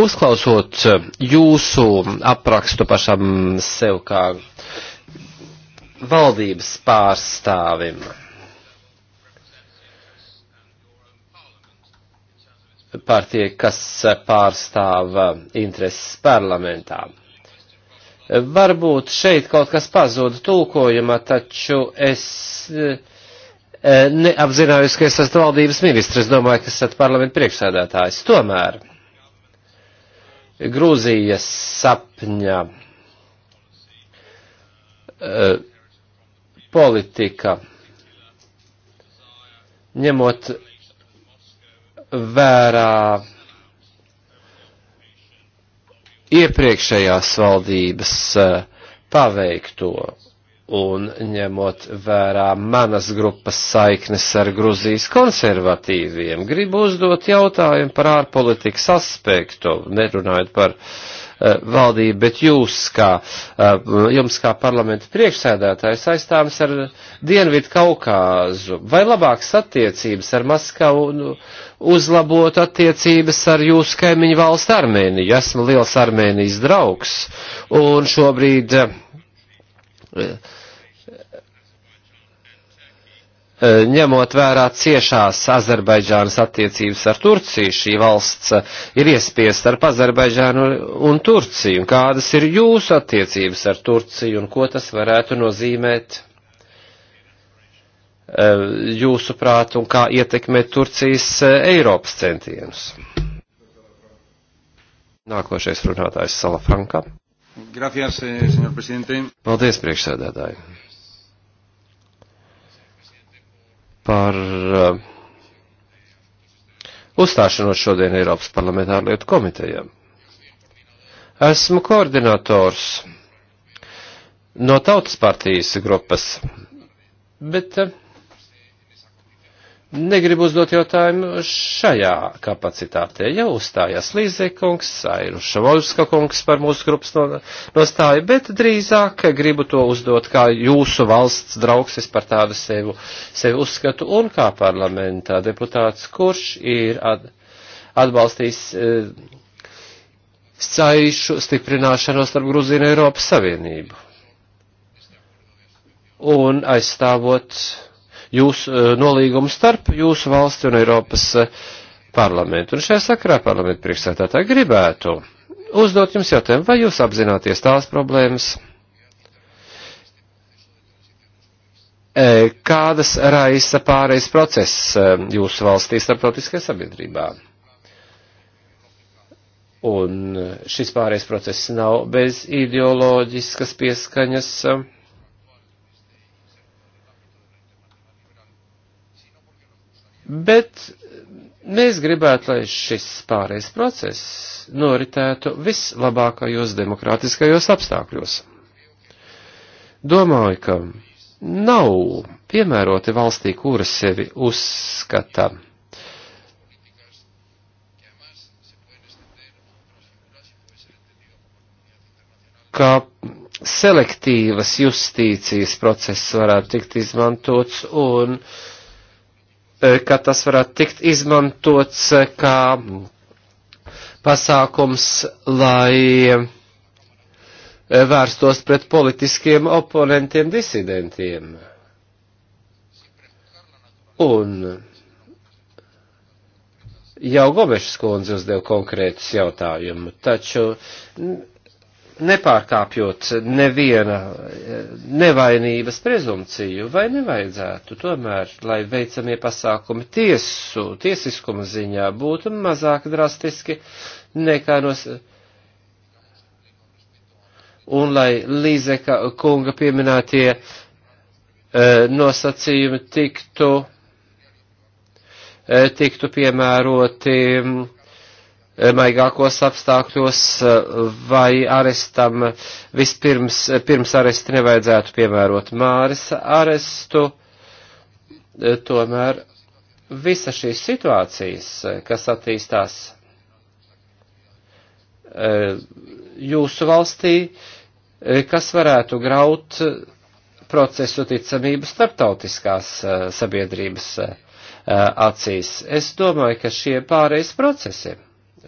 Uzklausot jūsu aprakstu pašam sev kā uh, valdības pārstāvim. Partija, kas pārstāv intereses parlamentā. Varbūt šeit kaut kas pazuda tulkojumā, taču es eh, neapzinājos, ka es esmu valdības ministrs, domāju, ka esat parlamenta priekšsēdētājs. Tomēr Grūzijas sapņa eh, politika, ņemot vērā iepriekšējās valdības eh, paveikto un ņemot vērā manas grupas saiknes ar Gruzijas konservatīviem, gribu uzdot jautājumu par ārpolitikas aspektu, nerunājot par uh, Eh, valdība, bet jūs kā, eh, jums kā parlamenta priekšsēdētājs aizstāvis ar Dienvidu Kaukāzu. Vai labākas attiecības ar Maskavu uzlabot attiecības ar jūsu kaimiņu valstu Armēniju? Esmu liels Armēnijas draugs un šobrīd eh, Eh, ņemot vērā ciešās Azerbaidžānas attiecības ar Turciju, šī valsts eh, ir iespiesta ar Azerbaidžānu un Turciju. Un kādas ir jūsu attiecības ar Turciju un ko tas varētu nozīmēt eh, jūsuprāt un kā ietekmē Turcijas Eiropas centienus? Nākošais runātājs Salafranka. Gracias, senor presidente. Paldies, priekšsēdētāji. par eh, uzstāšanos šodien Eiropas parlamentāru lietu komitejām. Esmu koordinators no Tautas partijas grupas, bet uh, Negribu uzdot jautājumu šajā kapacitātē. Jau uzstājās Līzekungs, Airu Šavolska kungs par mūsu grupas nostāju, bet drīzāk gribu to uzdot kā jūsu valsts draugs, es par tādu sevi, sevi uzskatu, un kā parlamentā deputāts, kurš ir atbalstījis e, saišu stiprināšanos starp Gruzīnu Eiropas Savienību. Un aizstāvot jūsu eh, nolīgumu starp jūsu valsti un Eiropas eh, parlamentu. Un šajā sakarā parlamentu priekšsētātāji gribētu uzdot jums jautājumu, vai jūs apzināties tās problēmas, e, kādas raisa pārejas process e, jūsu valstī starptautiskajā sabiedrībā? Un šis pārejas process nav bez ideoloģiskas pieskaņas. Uh, Bet mēs gribētu, lai šis pārējais process noritētu vislabākajos demokrātiskajos apstākļos. Domāju, ka nav piemēroti valstī, kura sevi uzskata. Kā selektīvas justīcijas process varētu tikt izmantots un uh, Eh, ka tas varētu tikt izmantots eh, kā pasākums, lai eh, vērstos pret politiskiem oponentiem, disidentiem. Un jau Gomešs kundze uzdev konkrētus jautājumus, taču nepārkāpjot neviena nevainības prezumciju, vai nevajadzētu tomēr, lai veicamie pasākumi tiesu, tiesiskuma ziņā būtu mazāk drastiski nekā no. Un lai Līzeka kunga pieminētie e, nosacījumi tiktu, e, tiktu piemēroti. E, maigākos apstākļos, vai arestam vispirms, pirms aresti nevajadzētu piemērot Māris arestu. Tomēr visa šīs situācijas, kas attīstās jūsu valstī, kas varētu graut procesu ticamību starptautiskās eh, sabiedrības eh, acīs. Es domāju, ka šie pārējais procesi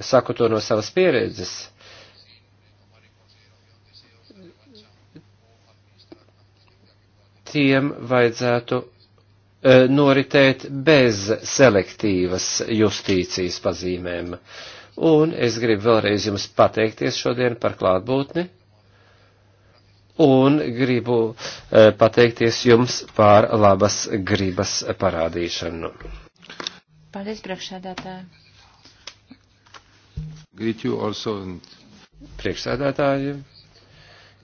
saku to no savas pieredzes, tiem vajadzētu e, noritēt bez selektīvas justīcijas pazīmēm. Un es gribu vēlreiz jums pateikties šodien par klātbūtni un gribu e, pateikties jums par labas gribas parādīšanu. Paldies, priekšsēdētāji! greet you also and... Priekšsēdētāji,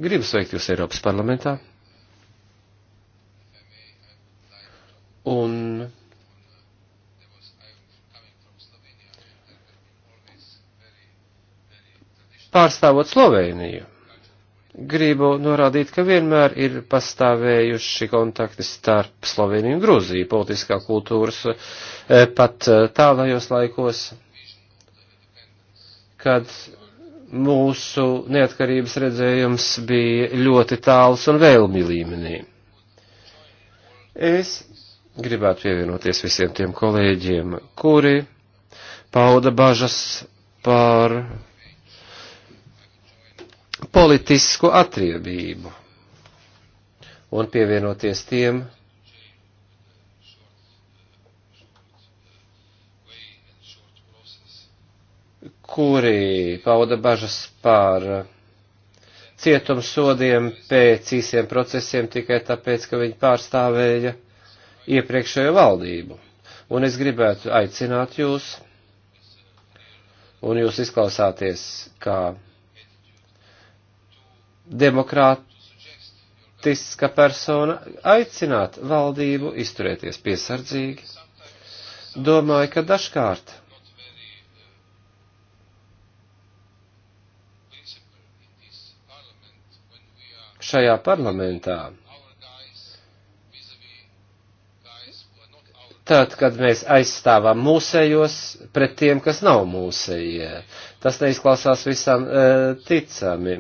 gribu sveikt jūs Eiropas parlamentā. Un pārstāvot Sloveniju, gribu norādīt, ka vienmēr ir pastāvējuši kontakti starp Sloveniju un Grūziju, politiskā kultūras eh, pat eh, tālajos laikos kad mūsu neatkarības redzējums bija ļoti tāls un vēlmi līmenī. Es gribētu pievienoties visiem tiem kolēģiem, kuri pauda bažas par politisku atriebību un pievienoties tiem, kuri pauda bažas par cietumsodiem pēc īsiem procesiem tikai tāpēc, ka viņi pārstāvēja iepriekšējo valdību. Un es gribētu aicināt jūs, un jūs izklausāties kā demokrātiska persona, aicināt valdību izturēties piesardzīgi. Domāju, ka dažkārt šajā parlamentā. Tad, kad mēs aizstāvam mūsējos pret tiem, kas nav mūsējie, tas neizklausās visam e, ticami.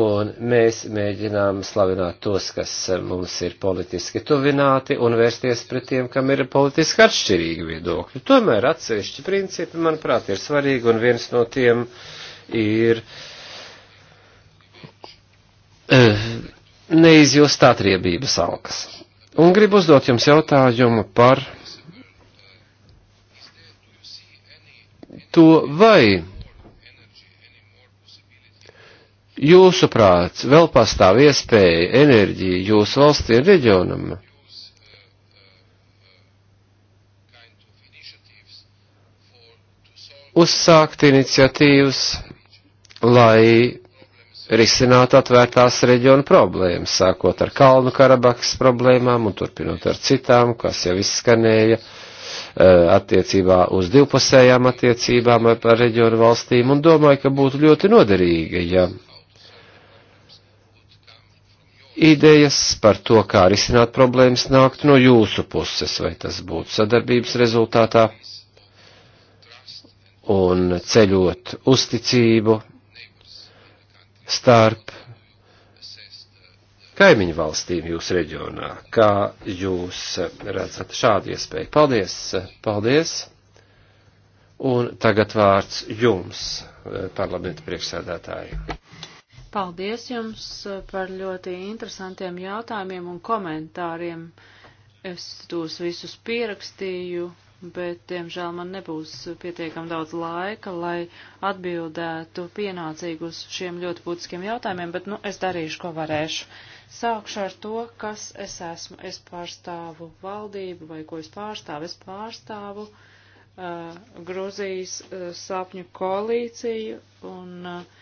Un mēs mēģinām slavināt tos, kas mums ir politiski tuvināti, un vērsties pret tiem, kam ir politiski atšķirīgi viedokļi. Tomēr atsevišķi principi, manuprāt, ir svarīgi, un viens no tiem ir uh, Eh, neizjust atriebības alkas. Un gribu uzdot jums jautājumu par to, vai jūsuprāt vēl pastāv iespēja enerģija jūsu valstī un reģionam uzsākt iniciatīvas, lai risināt atvērtās reģiona problēmas, sākot ar Kalnu Karabahas problēmām un turpinot ar citām, kas jau izskanēja eh, attiecībā uz divpusējām attiecībām ar reģionu valstīm, un domāju, ka būtu ļoti noderīgi, ja idejas par to, kā risināt problēmas, nākt no jūsu puses, vai tas būtu sadarbības rezultātā un ceļot uzticību starp kaimiņu valstīm jūsu reģionā. Kā jūs redzat šādu iespēju? Paldies! Paldies! Un tagad vārds jums, parlamenta priekšsēdētāji. Paldies jums par ļoti interesantiem jautājumiem un komentāriem. Es tos visus pierakstīju bet, diemžēl, man nebūs pietiekam daudz laika, lai atbildētu pienācīgi uz šiem ļoti būtiskiem jautājumiem, bet, nu, es darīšu, ko varēšu. Sākšu ar to, kas es esmu. Es pārstāvu valdību vai ko es pārstāvu. Es pārstāvu uh, Gruzijas uh, sapņu koalīciju un uh,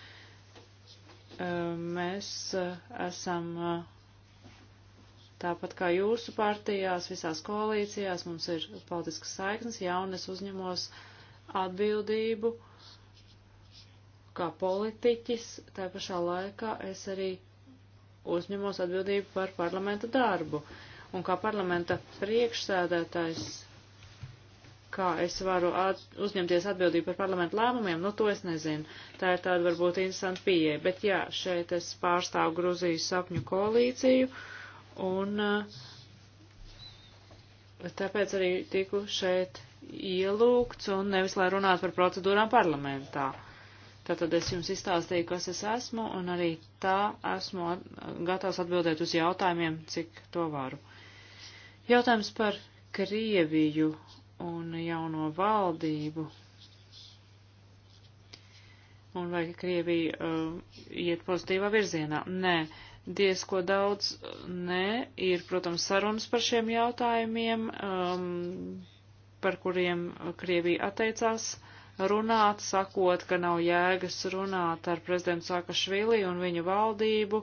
uh mēs uh, esam. Uh, Tāpat kā jūsu partijās, visās koalīcijās mums ir politiskas saiknes, jaunas uzņemos atbildību kā politiķis, tā pašā laikā es arī uzņemos atbildību par parlamenta darbu. Un kā parlamenta priekšsēdētājs, kā es varu at uzņemties atbildību par parlamenta lēmumiem, nu to es nezinu. Tā ir tāda varbūt interesanta pieeja. Bet jā, šeit es pārstāvu Gruzijas sapņu koalīciju. Uh, Un eh, tāpēc arī tiku šeit ielūgts un nevis lai runātu par procedūrām parlamentā. Tātad es jums izstāstīju, kas es esmu, un arī tā esmu at gatavs atbildēt uz jautājumiem, cik to varu. Jautājums par Krieviju un jauno valdību. Un vai Krievija uh, iet pozitīvā virzienā? Nē, Diesko daudz uh, nē, ir, protams, sarunas par šiem jautājumiem, um, par kuriem Krievija atteicās runāt, sakot, ka nav jēgas runāt ar prezidentu Sakašvili un viņu valdību,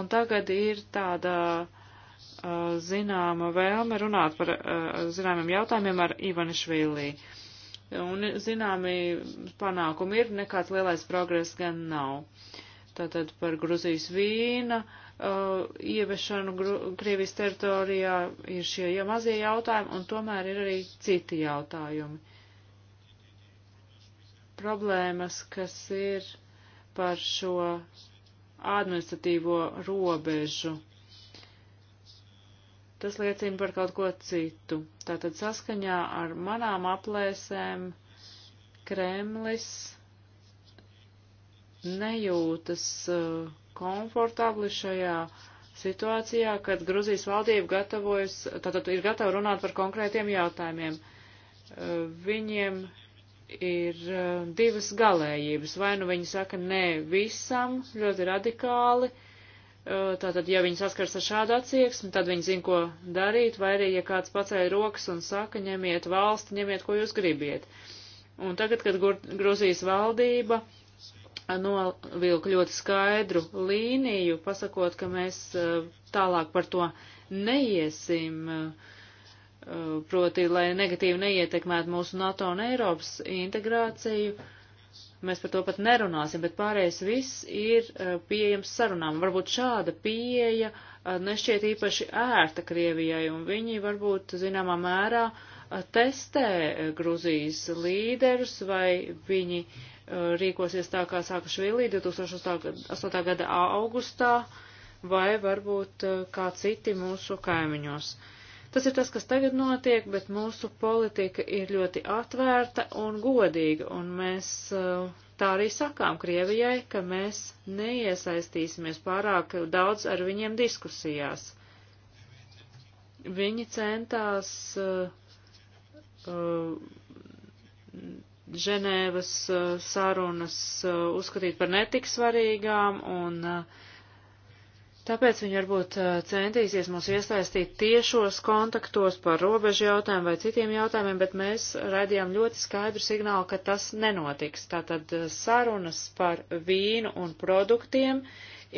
un tagad ir tāda uh, zināma vēlme runāt par uh, zināmiem jautājumiem ar Ivanišvili. Un zināmi panākumi ir, nekāds lielais progress gan nav. Uh, tātad par Gruzijas vīna uh, ievešanu Gru Krievijas teritorijā ir šie ja mazie jautājumi, un tomēr ir arī citi jautājumi. Problēmas, kas ir par šo administratīvo robežu. Tas liecina par kaut ko citu. Tātad saskaņā ar manām aplēsēm Kremlis nejūtas eh, komfortabli šajā situācijā, kad Gruzijas valdība gatavojas, tātad ir gatava runāt par konkrētiem jautājumiem. Eh, viņiem ir eh, divas galējības. Vai nu viņi saka nē visam, ļoti radikāli, tātad, ja viņi saskars ar šādu attieksmi, tad viņi zina, ko darīt, vai arī, ja kāds pacēla rokas un saka, ņemiet valsti, ņemiet, ko jūs gribiet. Un tagad, kad Gruzijas valdība uh, novilka ļoti skaidru līniju, pasakot, ka mēs eh, tālāk par to neiesim, eh, proti, lai negatīvi neietekmētu mūsu NATO un Eiropas integrāciju. Mēs par to pat nerunāsim, bet pārējais viss ir eh, pieejams sarunām. Varbūt šāda pieeja nešķiet īpaši ērta Krievijai, un viņi varbūt zināmā mērā testē Gruzijas līderus, vai viņi uh, rīkosies tā, kā sāka Švīlī 2008. gada augustā, vai varbūt eh, kā citi mūsu kaimiņos. Tas ir tas, kas tagad notiek, bet mūsu politika ir ļoti atvērta un godīga, un mēs eh, tā arī sakām Krievijai, ka mēs neiesaistīsimies pārāk daudz ar viņiem diskusijās. Viņi centās uh, uh, Ženēvas eh, sarunas eh, uzskatīt par netik svarīgām, un eh, tāpēc viņi varbūt centīsies mūs iesaistīt tiešos kontaktos par robežu jautājumu vai citiem jautājumiem, bet mēs radījām ļoti skaidru signālu, ka tas nenotiks. Tātad sarunas par vīnu un produktiem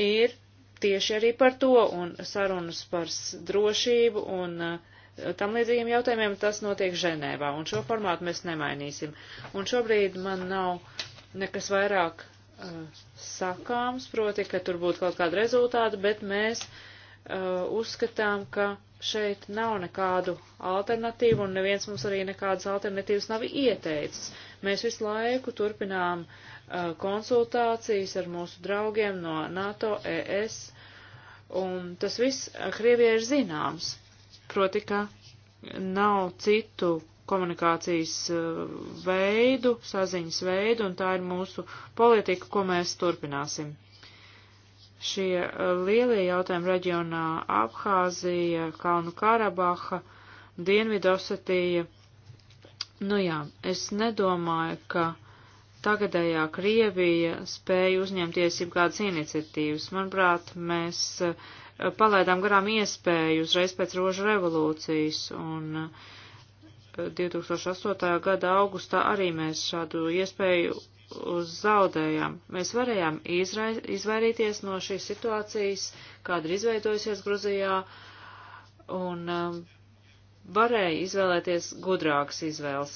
ir tieši arī par to, un sarunas par drošību un uh, tam līdzīgiem jautājumiem, tas notiek Ženēvā, un šo formātu mēs nemainīsim. Un šobrīd man nav nekas vairāk uh, sakāms, proti, ka tur būtu kaut kāda rezultāta, bet mēs uh, uzskatām, ka šeit nav nekādu alternatīvu, un neviens mums arī nekādas alternatīvas nav ieteicis. Mēs visu laiku turpinām uh, konsultācijas ar mūsu draugiem no NATO, ES, un tas viss Krievijai ir zināms proti, ka nav citu komunikācijas eh, veidu, saziņas veidu, un tā ir mūsu politika, ko mēs turpināsim. Šie eh, lielie jautājumi reģionā Abhāzija, Kalnu Karabaha, Dienvidosetija, nu jā, es nedomāju, ka tagadējā Krievija spēja uzņemties jau kādas iniciatīvas. Manuprāt, mēs uh, palaidām garām iespēju uzreiz pēc rožu revolūcijas, un 2008. Eh, gada augustā arī mēs šādu iespēju zaudējām. Mēs varējām izrai, izvairīties no šīs situācijas, kāda ir izveidojusies Gruzijā, un um, varēja izvēlēties gudrākas izvēles.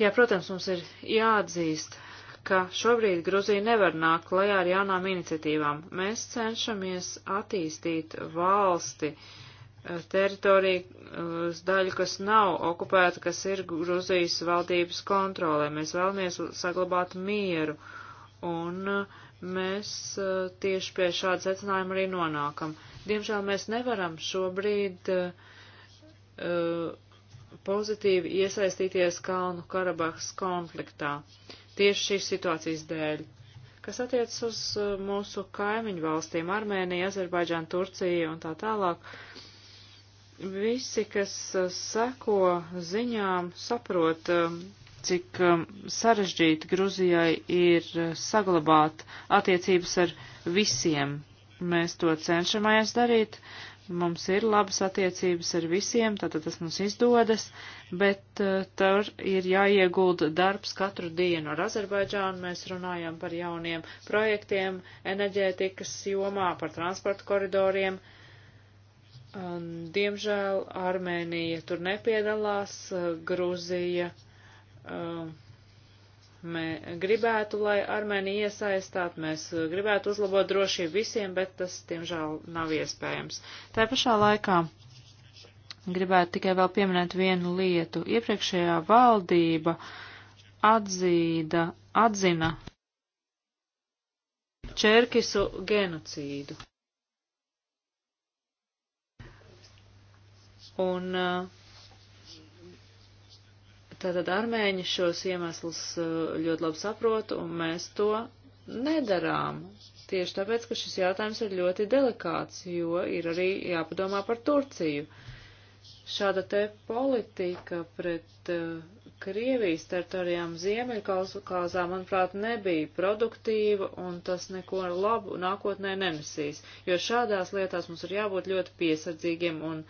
Jā, protams, mums ir jāatzīst, ka šobrīd Gruzija nevar nākt klajā ar jaunām iniciatīvām. Mēs cenšamies attīstīt valsti, eh, teritoriju eh, daļu, kas nav okupēta, kas ir Gruzijas valdības kontrolē. Mēs vēlamies saglabāt mieru, un eh, mēs tieši pie šāda secinājuma arī nonākam. Diemžēl mēs nevaram šobrīd uh, pozitīvi iesaistīties Kalnu Karabahas konfliktā. Uh, tieši šīs situācijas dēļ. Kas attiecas uz uh, mūsu kaimiņu valstīm - Armēnija, Azerbaidžāna, Turcija un tā tālāk, visi, kas uh, seko ziņām, saprot, um, cik um, sarežģīti Gruzijai ir uh, saglabāt attiecības ar visiem. Mēs to cenšamies darīt, Mums ir labas attiecības ar visiem, tātad tas mums izdodas, bet uh, tur ir jāiegulda darbs katru dienu. Ar Azerbaidžānu mēs runājam par jauniem projektiem, enerģētikas jomā, par transporta koridoriem. Um, diemžēl Armēnija tur nepiedalās, uh, Gruzija. Uh, Mēs gribētu, lai Armēnija iesaistāt, mēs gribētu uzlabot drošību visiem, bet tas, diemžēl, nav iespējams. Tā pašā laikā gribētu tikai vēl pieminēt vienu lietu. Iepriekšējā valdība atzīda, atzina Čērkisu genocīdu. Un uh, Tātad armēņi šos iemeslus eh, ļoti labi saprot, un mēs to nedarām. Tieši tāpēc, ka šis jautājums ir ļoti delikāts, jo ir arī jāpadomā par Turciju. Šāda te politika pret uh, Krievijas teritorijām Ziemeļkaukazā, manuprāt, nebija produktīva, un tas neko labu nākotnē nenesīs, jo šādās lietās mums ir jābūt ļoti piesardzīgiem un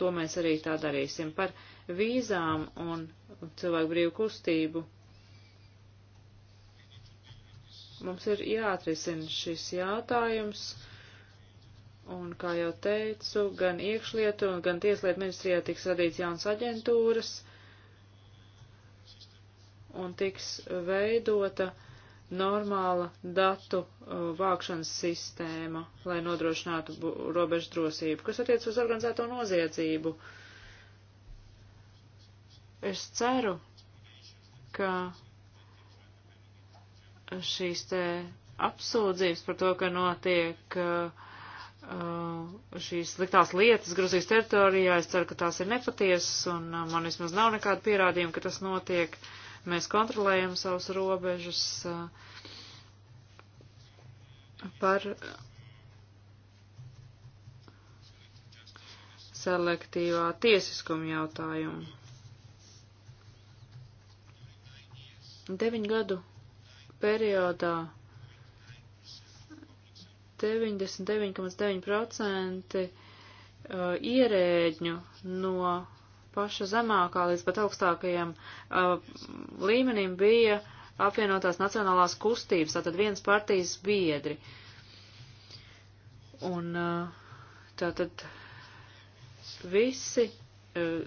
to mēs arī tā darīsim. Par vīzām un cilvēku brīvu kustību mums ir jāatrisina šis jautājums. Un, kā jau teicu, gan iekšlietu un gan tieslietu ministrijā tiks radīts jauns aģentūras un tiks veidota uh, normāla datu uh, vākšanas sistēma, lai nodrošinātu robežu drosību, kas attiec uz organizēto noziedzību. Es ceru, ka šīs te apsūdzības par to, ka notiek uh, uh šīs sliktās lietas Gruzijas teritorijā, es ceru, ka tās ir nepatiesas un uh, man vismaz nav nekāda pierādījuma, ka tas notiek. Uh, Mēs kontrolējam savus robežas uh, par selektīvā tiesiskuma jautājumu. Deviņu gadu periodā 99,9% uh, ierēģņu no paša zemākā līdz pat augstākajam uh, līmenim bija apvienotās nacionālās kustības, tātad viens partijas biedri. Un uh, tātad visi uh,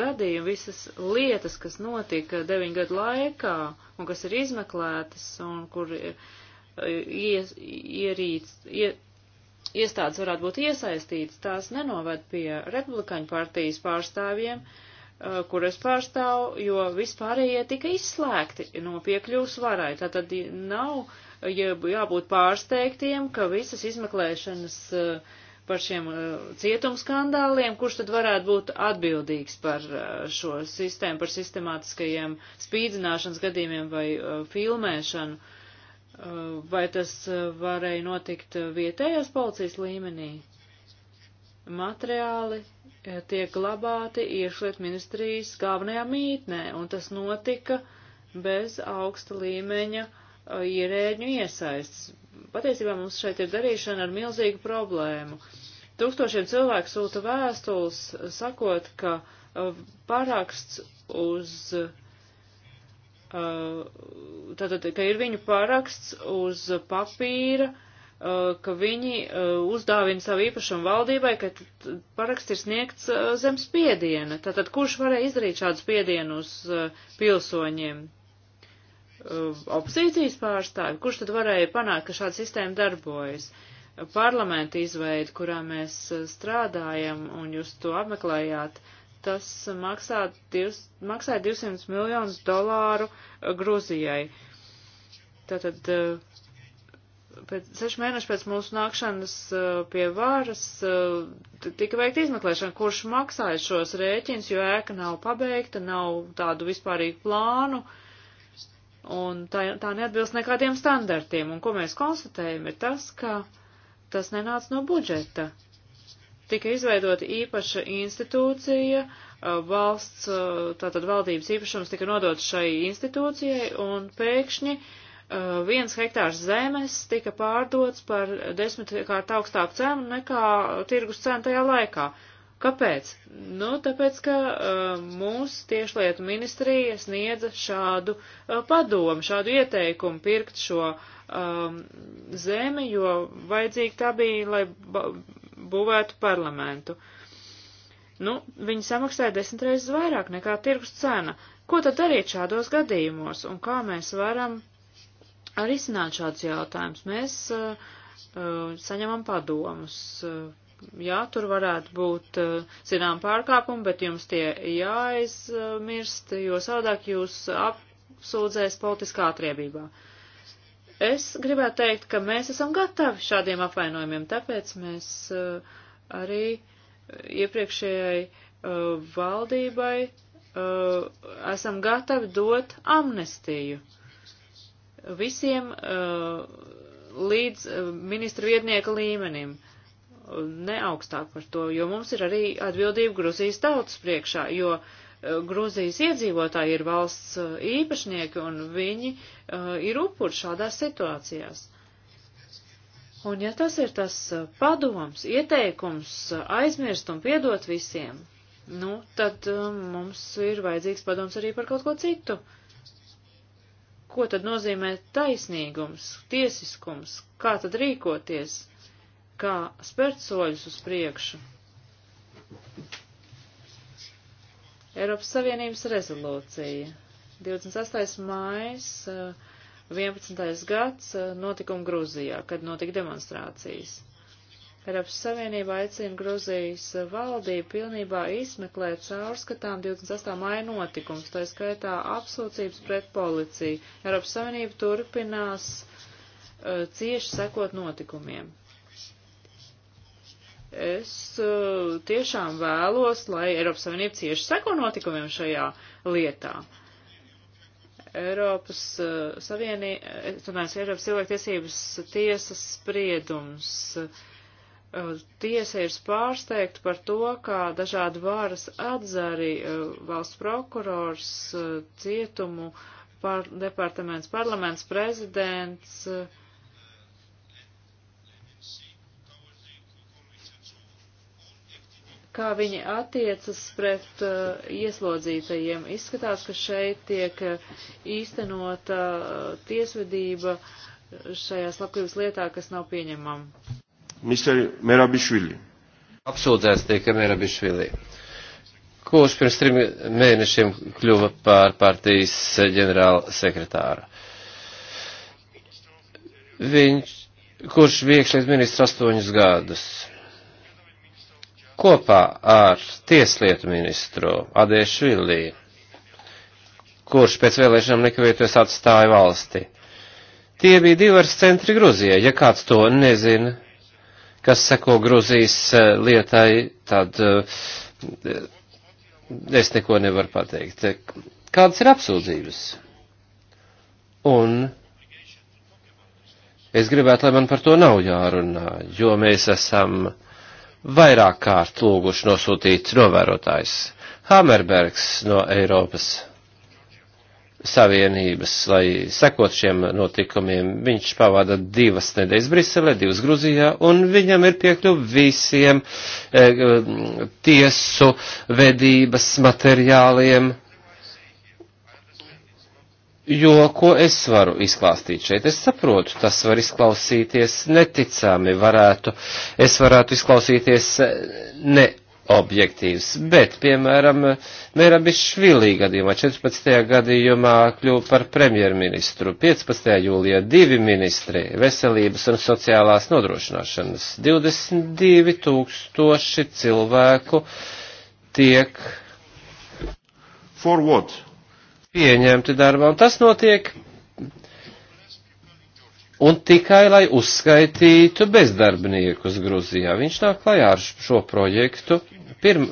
gadījumi, visas lietas, kas notika deviņu gadu laikā un kas ir izmeklētas un kur ies, uh, ierīts, ie, iestādes varētu būt iesaistītas, tās nenovad pie republikaņu partijas pārstāvjiem, uh, kur es pārstāvu, jo vispārējie tika izslēgti no piekļuvas varai. Tātad nav jābūt pārsteigtiem, ka visas izmeklēšanas uh, par šiem uh, cietumskandāliem, kurš tad varētu būt atbildīgs par uh, šo sistēmu, par sistemātiskajiem spīdzināšanas gadījumiem vai uh, filmēšanu. Uh, Vai tas uh, varēja notikt uh, vietējās policijas līmenī? Materiāli uh, tiek glabāti iešliet ministrijas galvenajā mītnē, un tas notika bez augsta līmeņa ierēģu iesaistas. Patiesībā mums šeit ir darīšana ar milzīgu problēmu. Tūkstošiem cilvēku sūta vēstules, sakot, ka paraksts uz uh, Uh, tātad, ka ir viņu paraksts uz papīra, uh, ka viņi uh, uzdāvina savu īpašumu valdībai, ka paraksts ir sniegts zem spiediena. Tātad, kurš varēja izdarīt šādu spiedienu uz pilsoņiem? Opozīcijas pārstāvi, kurš tad varēja panākt, ka šāda sistēma darbojas? Parlamenta izveida, kurā mēs strādājam, un jūs to apmeklējāt, uh, Tas maksā divs, maksāja 200 miljonus dolāru eh, Gruzijai. Tātad eh, pēc, sešu mēnešu pēc mūsu nākšanas eh, pie varas tika veikta izmeklēšana, kurš maksāja šos rēķins, jo ēka nav pabeigta, nav tādu vispārīgu plānu. Un tā, tā neatbilst nekādiem standartiem. Un ko mēs konstatējam ir tas, ka tas nenāca no budžeta tika izveidota īpaša institūcija, valsts, tātad valdības īpašums tika nodots šai institūcijai, un pēkšņi viens hektārs zemes tika pārdots par desmitkārt augstāku cenu nekā tirgus cena tajā laikā. Kāpēc? Nu, tāpēc, ka uh, mūsu tiešlietu ministrija sniedza šādu uh, padomu, šādu ieteikumu pirkt šo um, zemi, jo vajadzīgi tā bija, lai būvētu parlamentu. Nu, viņi samaksāja desmit reizes vairāk nekā tirgus cena. Ko tad darīt šādos gadījumos un kā mēs varam arī izsināt šādus jautājumus? Mēs uh, uh, saņemam padomus. Uh, jā, tur varētu būt, uh, zinām, pārkāpumi, bet jums tie jāaizmirst, jo savādāk jūs apsūdzēs politiskā atriebībā. Uh, Es gribētu teikt, ka mēs esam gatavi šādiem apvainojumiem, tāpēc mēs uh, arī iepriekšējai uh, valdībai uh, esam gatavi dot amnestiju visiem līdz ministru vietnieka līmenim ne augstāk par to, jo mums ir arī atbildība Gruzijas tautas priekšā, jo Grūzijas iedzīvotāji ir valsts uh, īpašnieki un viņi uh, ir upuri šādās situācijās. Un ja tas ir tas uh, padoms, ieteikums aizmirst un piedot visiem, nu, tad mums ir vajadzīgs padoms arī par kaut ko citu. Ko tad nozīmē taisnīgums, tiesiskums, kā tad rīkoties, kā spērt soļus uz priekšu? Eiropas Savienības rezolūcija. 28. mājas 11. Eh, gads eh, notikuma Gruzijā, kad notika demonstrācijas. Eiropas Savienība aicina Gruzijas valdību pilnībā izmeklēt caurskatām 28. māja notikums, tā skaitā apsūdzības pret policiju. Eiropas Savienība turpinās uh, cieši sekot notikumiem es uh, tiešām vēlos, lai Eiropas Savienība cieši seko notikumiem šajā lietā. Eiropas uh, Savienība, tomēr Eiropas cilvēktiesības tiesas spriedums. Uh, tiesa ir pārsteigta par to, kā dažādi vāras atzari uh, valsts prokurors, uh, cietumu par, departaments, parlaments, prezidents, uh, kā viņi attiecas pret uh, ieslodzītajiem. Izskatās, ka šeit tiek uh, īstenota uh, tiesvedība uh, šajā slapkavības lietā, kas nav pieņemama. Mr. Merabišvili. Apsūdzēts tiek Merabišvili, kurš pirms trim mēnešiem kļuva par partijas ģenerāla sekretāru. Viņš, kurš bija iekšlietu ministrs astoņus gadus kopā ar tieslietu ministru Adēšvillī, kurš pēc vēlēšanām nekavietojas atstāja valsti. Tie bija divas centri Gruzijai, ja kāds to nezina, kas seko Gruzijas eh, lietai, tad eh, es neko nevaru pateikt. Kādas ir apsūdzības? Un es gribētu, lai man par to nav jārunā, jo mēs esam vairāk kārt lūguši nosūtīt novērotājs. Hamerbergs no Eiropas Savienības, lai sekot šiem notikumiem, viņš pavada divas nedēļas Briselē, divas Gruzijā, un viņam ir piekļuvi visiem e, tiesu vedības materiāliem, Jo, ko es varu izklāstīt šeit? Es saprotu, tas var izklausīties neticami, varētu, es varētu izklausīties eh, neobjektīvs, bet, piemēram, Mēram Bišvilī gadījumā, 14. gadījumā kļuva par premjerministru, 15. jūlijā divi ministri veselības un sociālās nodrošināšanas, 22 tūkstoši cilvēku tiek. For what? pieņemti darbā, un tas notiek un tikai, lai uzskaitītu bezdarbniekus Gruzijā. Viņš nāk klajā ar šo projektu. Pirm,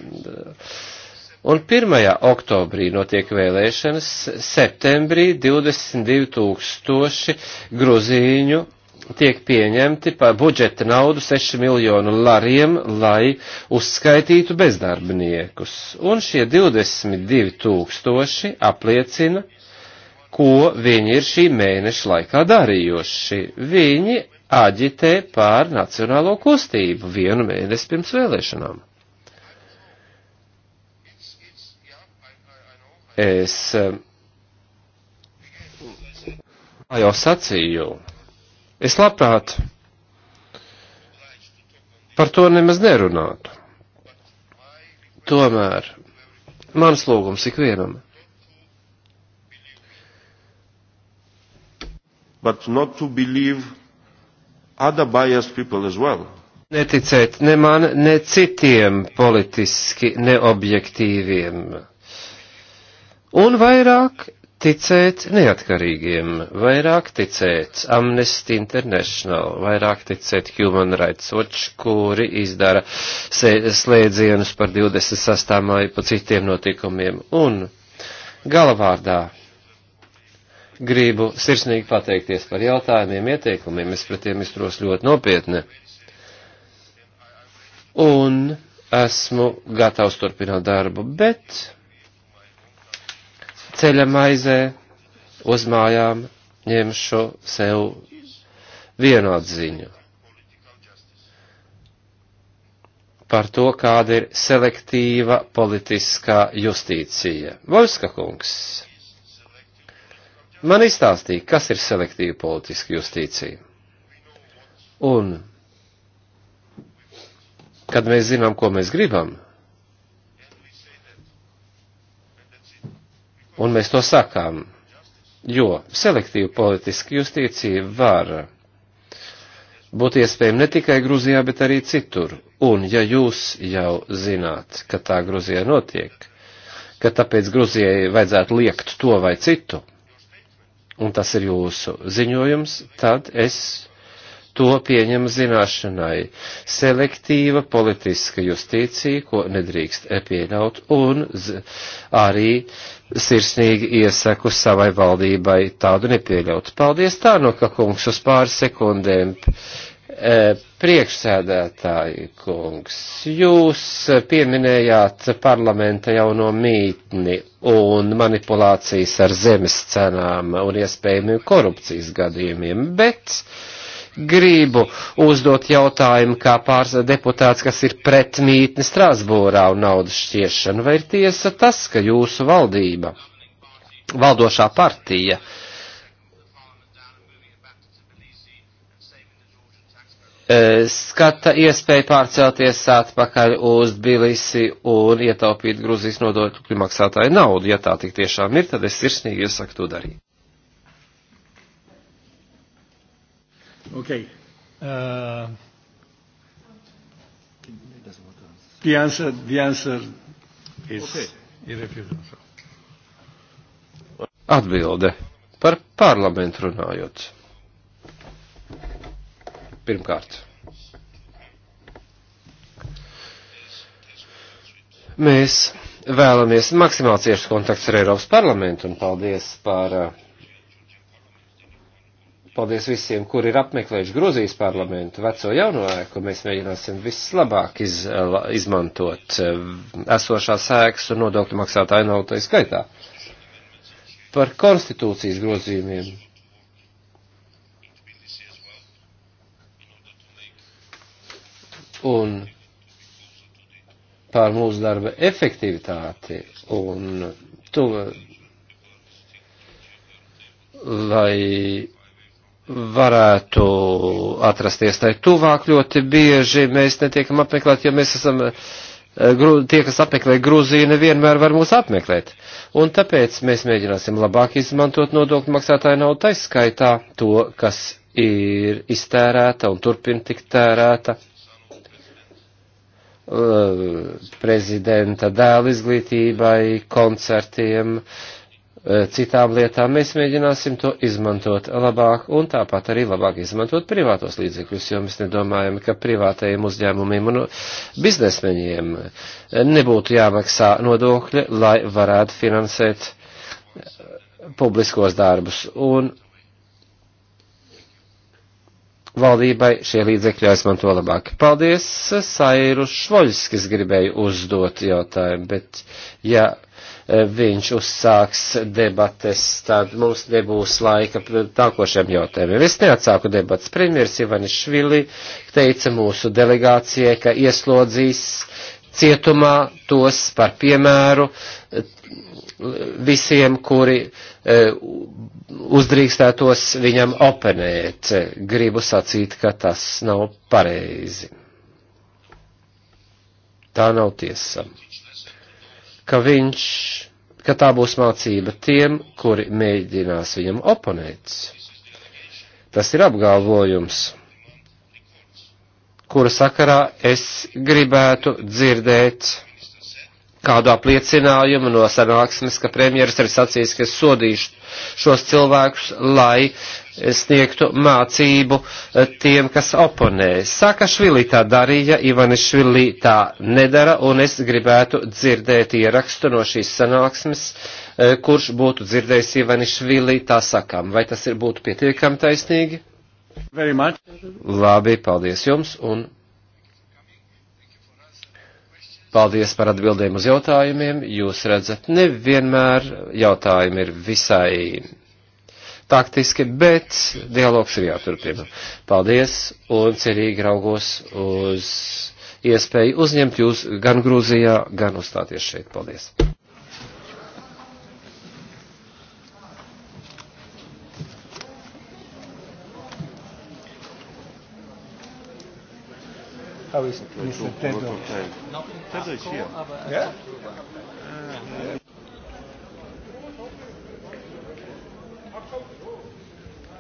un 1. oktobrī notiek vēlēšanas, septembrī 22 tūkstoši Gruzīņu tiek pieņemti par budžeta naudu 6 miljonu lariem, lai uzskaitītu bezdarbniekus. Un šie 22 tūkstoši apliecina, ko viņi ir šī mēneša laikā darījuši. Viņi aģitē pār nacionālo kustību vienu mēnesi pirms vēlēšanām. Es eh, jau sacīju, Es labprāt par to nemaz nerunātu. Tomēr mans lūgums ikvienam. But not to believe other biased people as well. Neticēt ne man, ne citiem politiski neobjektīviem. Un vairāk ticēt neatkarīgiem, vairāk ticēt Amnesty International, vairāk ticēt Human Rights Watch, kuri izdara slēdzienus par 26. māju pa citiem notikumiem. Un galvārdā gribu sirsnīgi pateikties par jautājumiem, ieteikumiem, es pret tiem izturos ļoti nopietni. Un esmu gatavs turpināt darbu, bet ceļa maizē uz mājām ņemšu sev vienu atziņu par to, kāda ir selektīva politiskā justīcija. Vojska kungs man izstāstīja, kas ir selektīva politiska justīcija. Un, kad mēs zinām, ko mēs gribam, Un mēs to sakām, jo selektīva politiska justīcija var būt iespējama ne tikai Gruzijā, bet arī citur. Un ja jūs jau zināt, ka tā Gruzijā notiek, ka tāpēc Gruzijai vajadzētu liekt to vai citu, un tas ir jūsu ziņojums, tad es to pieņem zināšanai. Selektīva politiska justīcija, ko nedrīkst pieļaut, un arī sirsnīgi iesaku savai valdībai tādu nepieļaut. Paldies tā no ka kungs uz pāris sekundēm. E, priekšsēdētāji kungs, jūs pieminējāt parlamenta jauno mītni un manipulācijas ar zemes cenām un iespējamiem korupcijas gadījumiem, bet uh, gribu uzdot jautājumu kā pārs deputāts, kas ir pret mītni Strasbūrā un naudas šķiešanu. Vai ir tiesa tas, ka jūsu valdība, valdošā partija, e, skata iespēju pārcelties atpakaļ uz Bilisi un ietaupīt Gruzijas nodokļu maksātāju naudu. Ja tā tik tiešām ir, tad es sirsnīgi iesaku to darīt. Okay. Uh, the answer, the answer is okay. irrefutable. Atbilde par parlamentu runājot. Pirmkārt, mēs vēlamies maksimāli ciešas kontakts ar Eiropas parlamentu un paldies par uh, Paldies visiem, kuri ir apmeklējuši Gruzijas parlamentu, veco jauno ēku. Mēs mēģināsim vislabāk iz, izmantot eh, esošās ēkas un nodokļu maksātāju naudu skaitā. Par konstitūcijas grozījumiem. Un par mūsu darba efektivitāti un to, lai varētu atrasties tai tuvāk ļoti bieži. Mēs netiekam apmeklēt, jo mēs esam eh, tie, kas apmeklē Grūziju, nevienmēr var mūs apmeklēt. Un tāpēc mēs mēģināsim labāk izmantot nodokļu maksātāju naudu taiskaitā to, kas ir iztērēta un turpina tikt tērēta. Eh, prezidenta dēla izglītībai, koncertiem, uh, E, citām lietām. Mēs mēģināsim to izmantot labāk un tāpat arī labāk izmantot privātos līdzekļus, jo mēs nedomājam, ka privātajiem uzņēmumiem un biznesmeņiem e, nebūtu jāmaksā nodokļi, lai varētu finansēt e, publiskos darbus. Un valdībai šie līdzekļi jāizmanto labāk. Paldies, Sairu Švoļskis gribēju uzdot jautājumu, bet ja viņš uzsāks debates, tad mums nebūs laika tākošiem jautājumiem. Es neatsāku debatas. Premjeras Ivanis Švili teica mūsu delegācijai, ka ieslodzīs cietumā tos par piemēru visiem, kuri e, uzdrīkstētos viņam oponēt. Gribu sacīt, ka tas nav pareizi. Tā nav tiesa ka viņš, ka tā būs mācība tiem, kuri mēģinās viņam oponēt. Tas ir apgalvojums, kura sakarā es gribētu dzirdēt kādu apliecinājumu no sanāksmes, ka premjeras ir sacījis, ka es sodīšu šos cilvēkus, lai sniegtu mācību eh, tiem, kas oponē. Sakašvili tā darīja, Ivanišvili tā nedara, un es gribētu dzirdēt ierakstu no šīs sanāksmes, eh, kurš būtu dzirdējis Ivanišvili tā sakām. Vai tas ir būtu pietiekami taisnīgi? Labi, paldies jums, un paldies par atbildēm uz jautājumiem. Jūs redzat, nevienmēr jautājumi ir visai taktiski, bet dialogs ir jāturpina. Paldies un cerīgi raugos uz iespēju uzņemt jūs gan Grūzijā, gan uzstāties šeit. Paldies! How is it? Mr. Tedros. Tedros here. Yeah?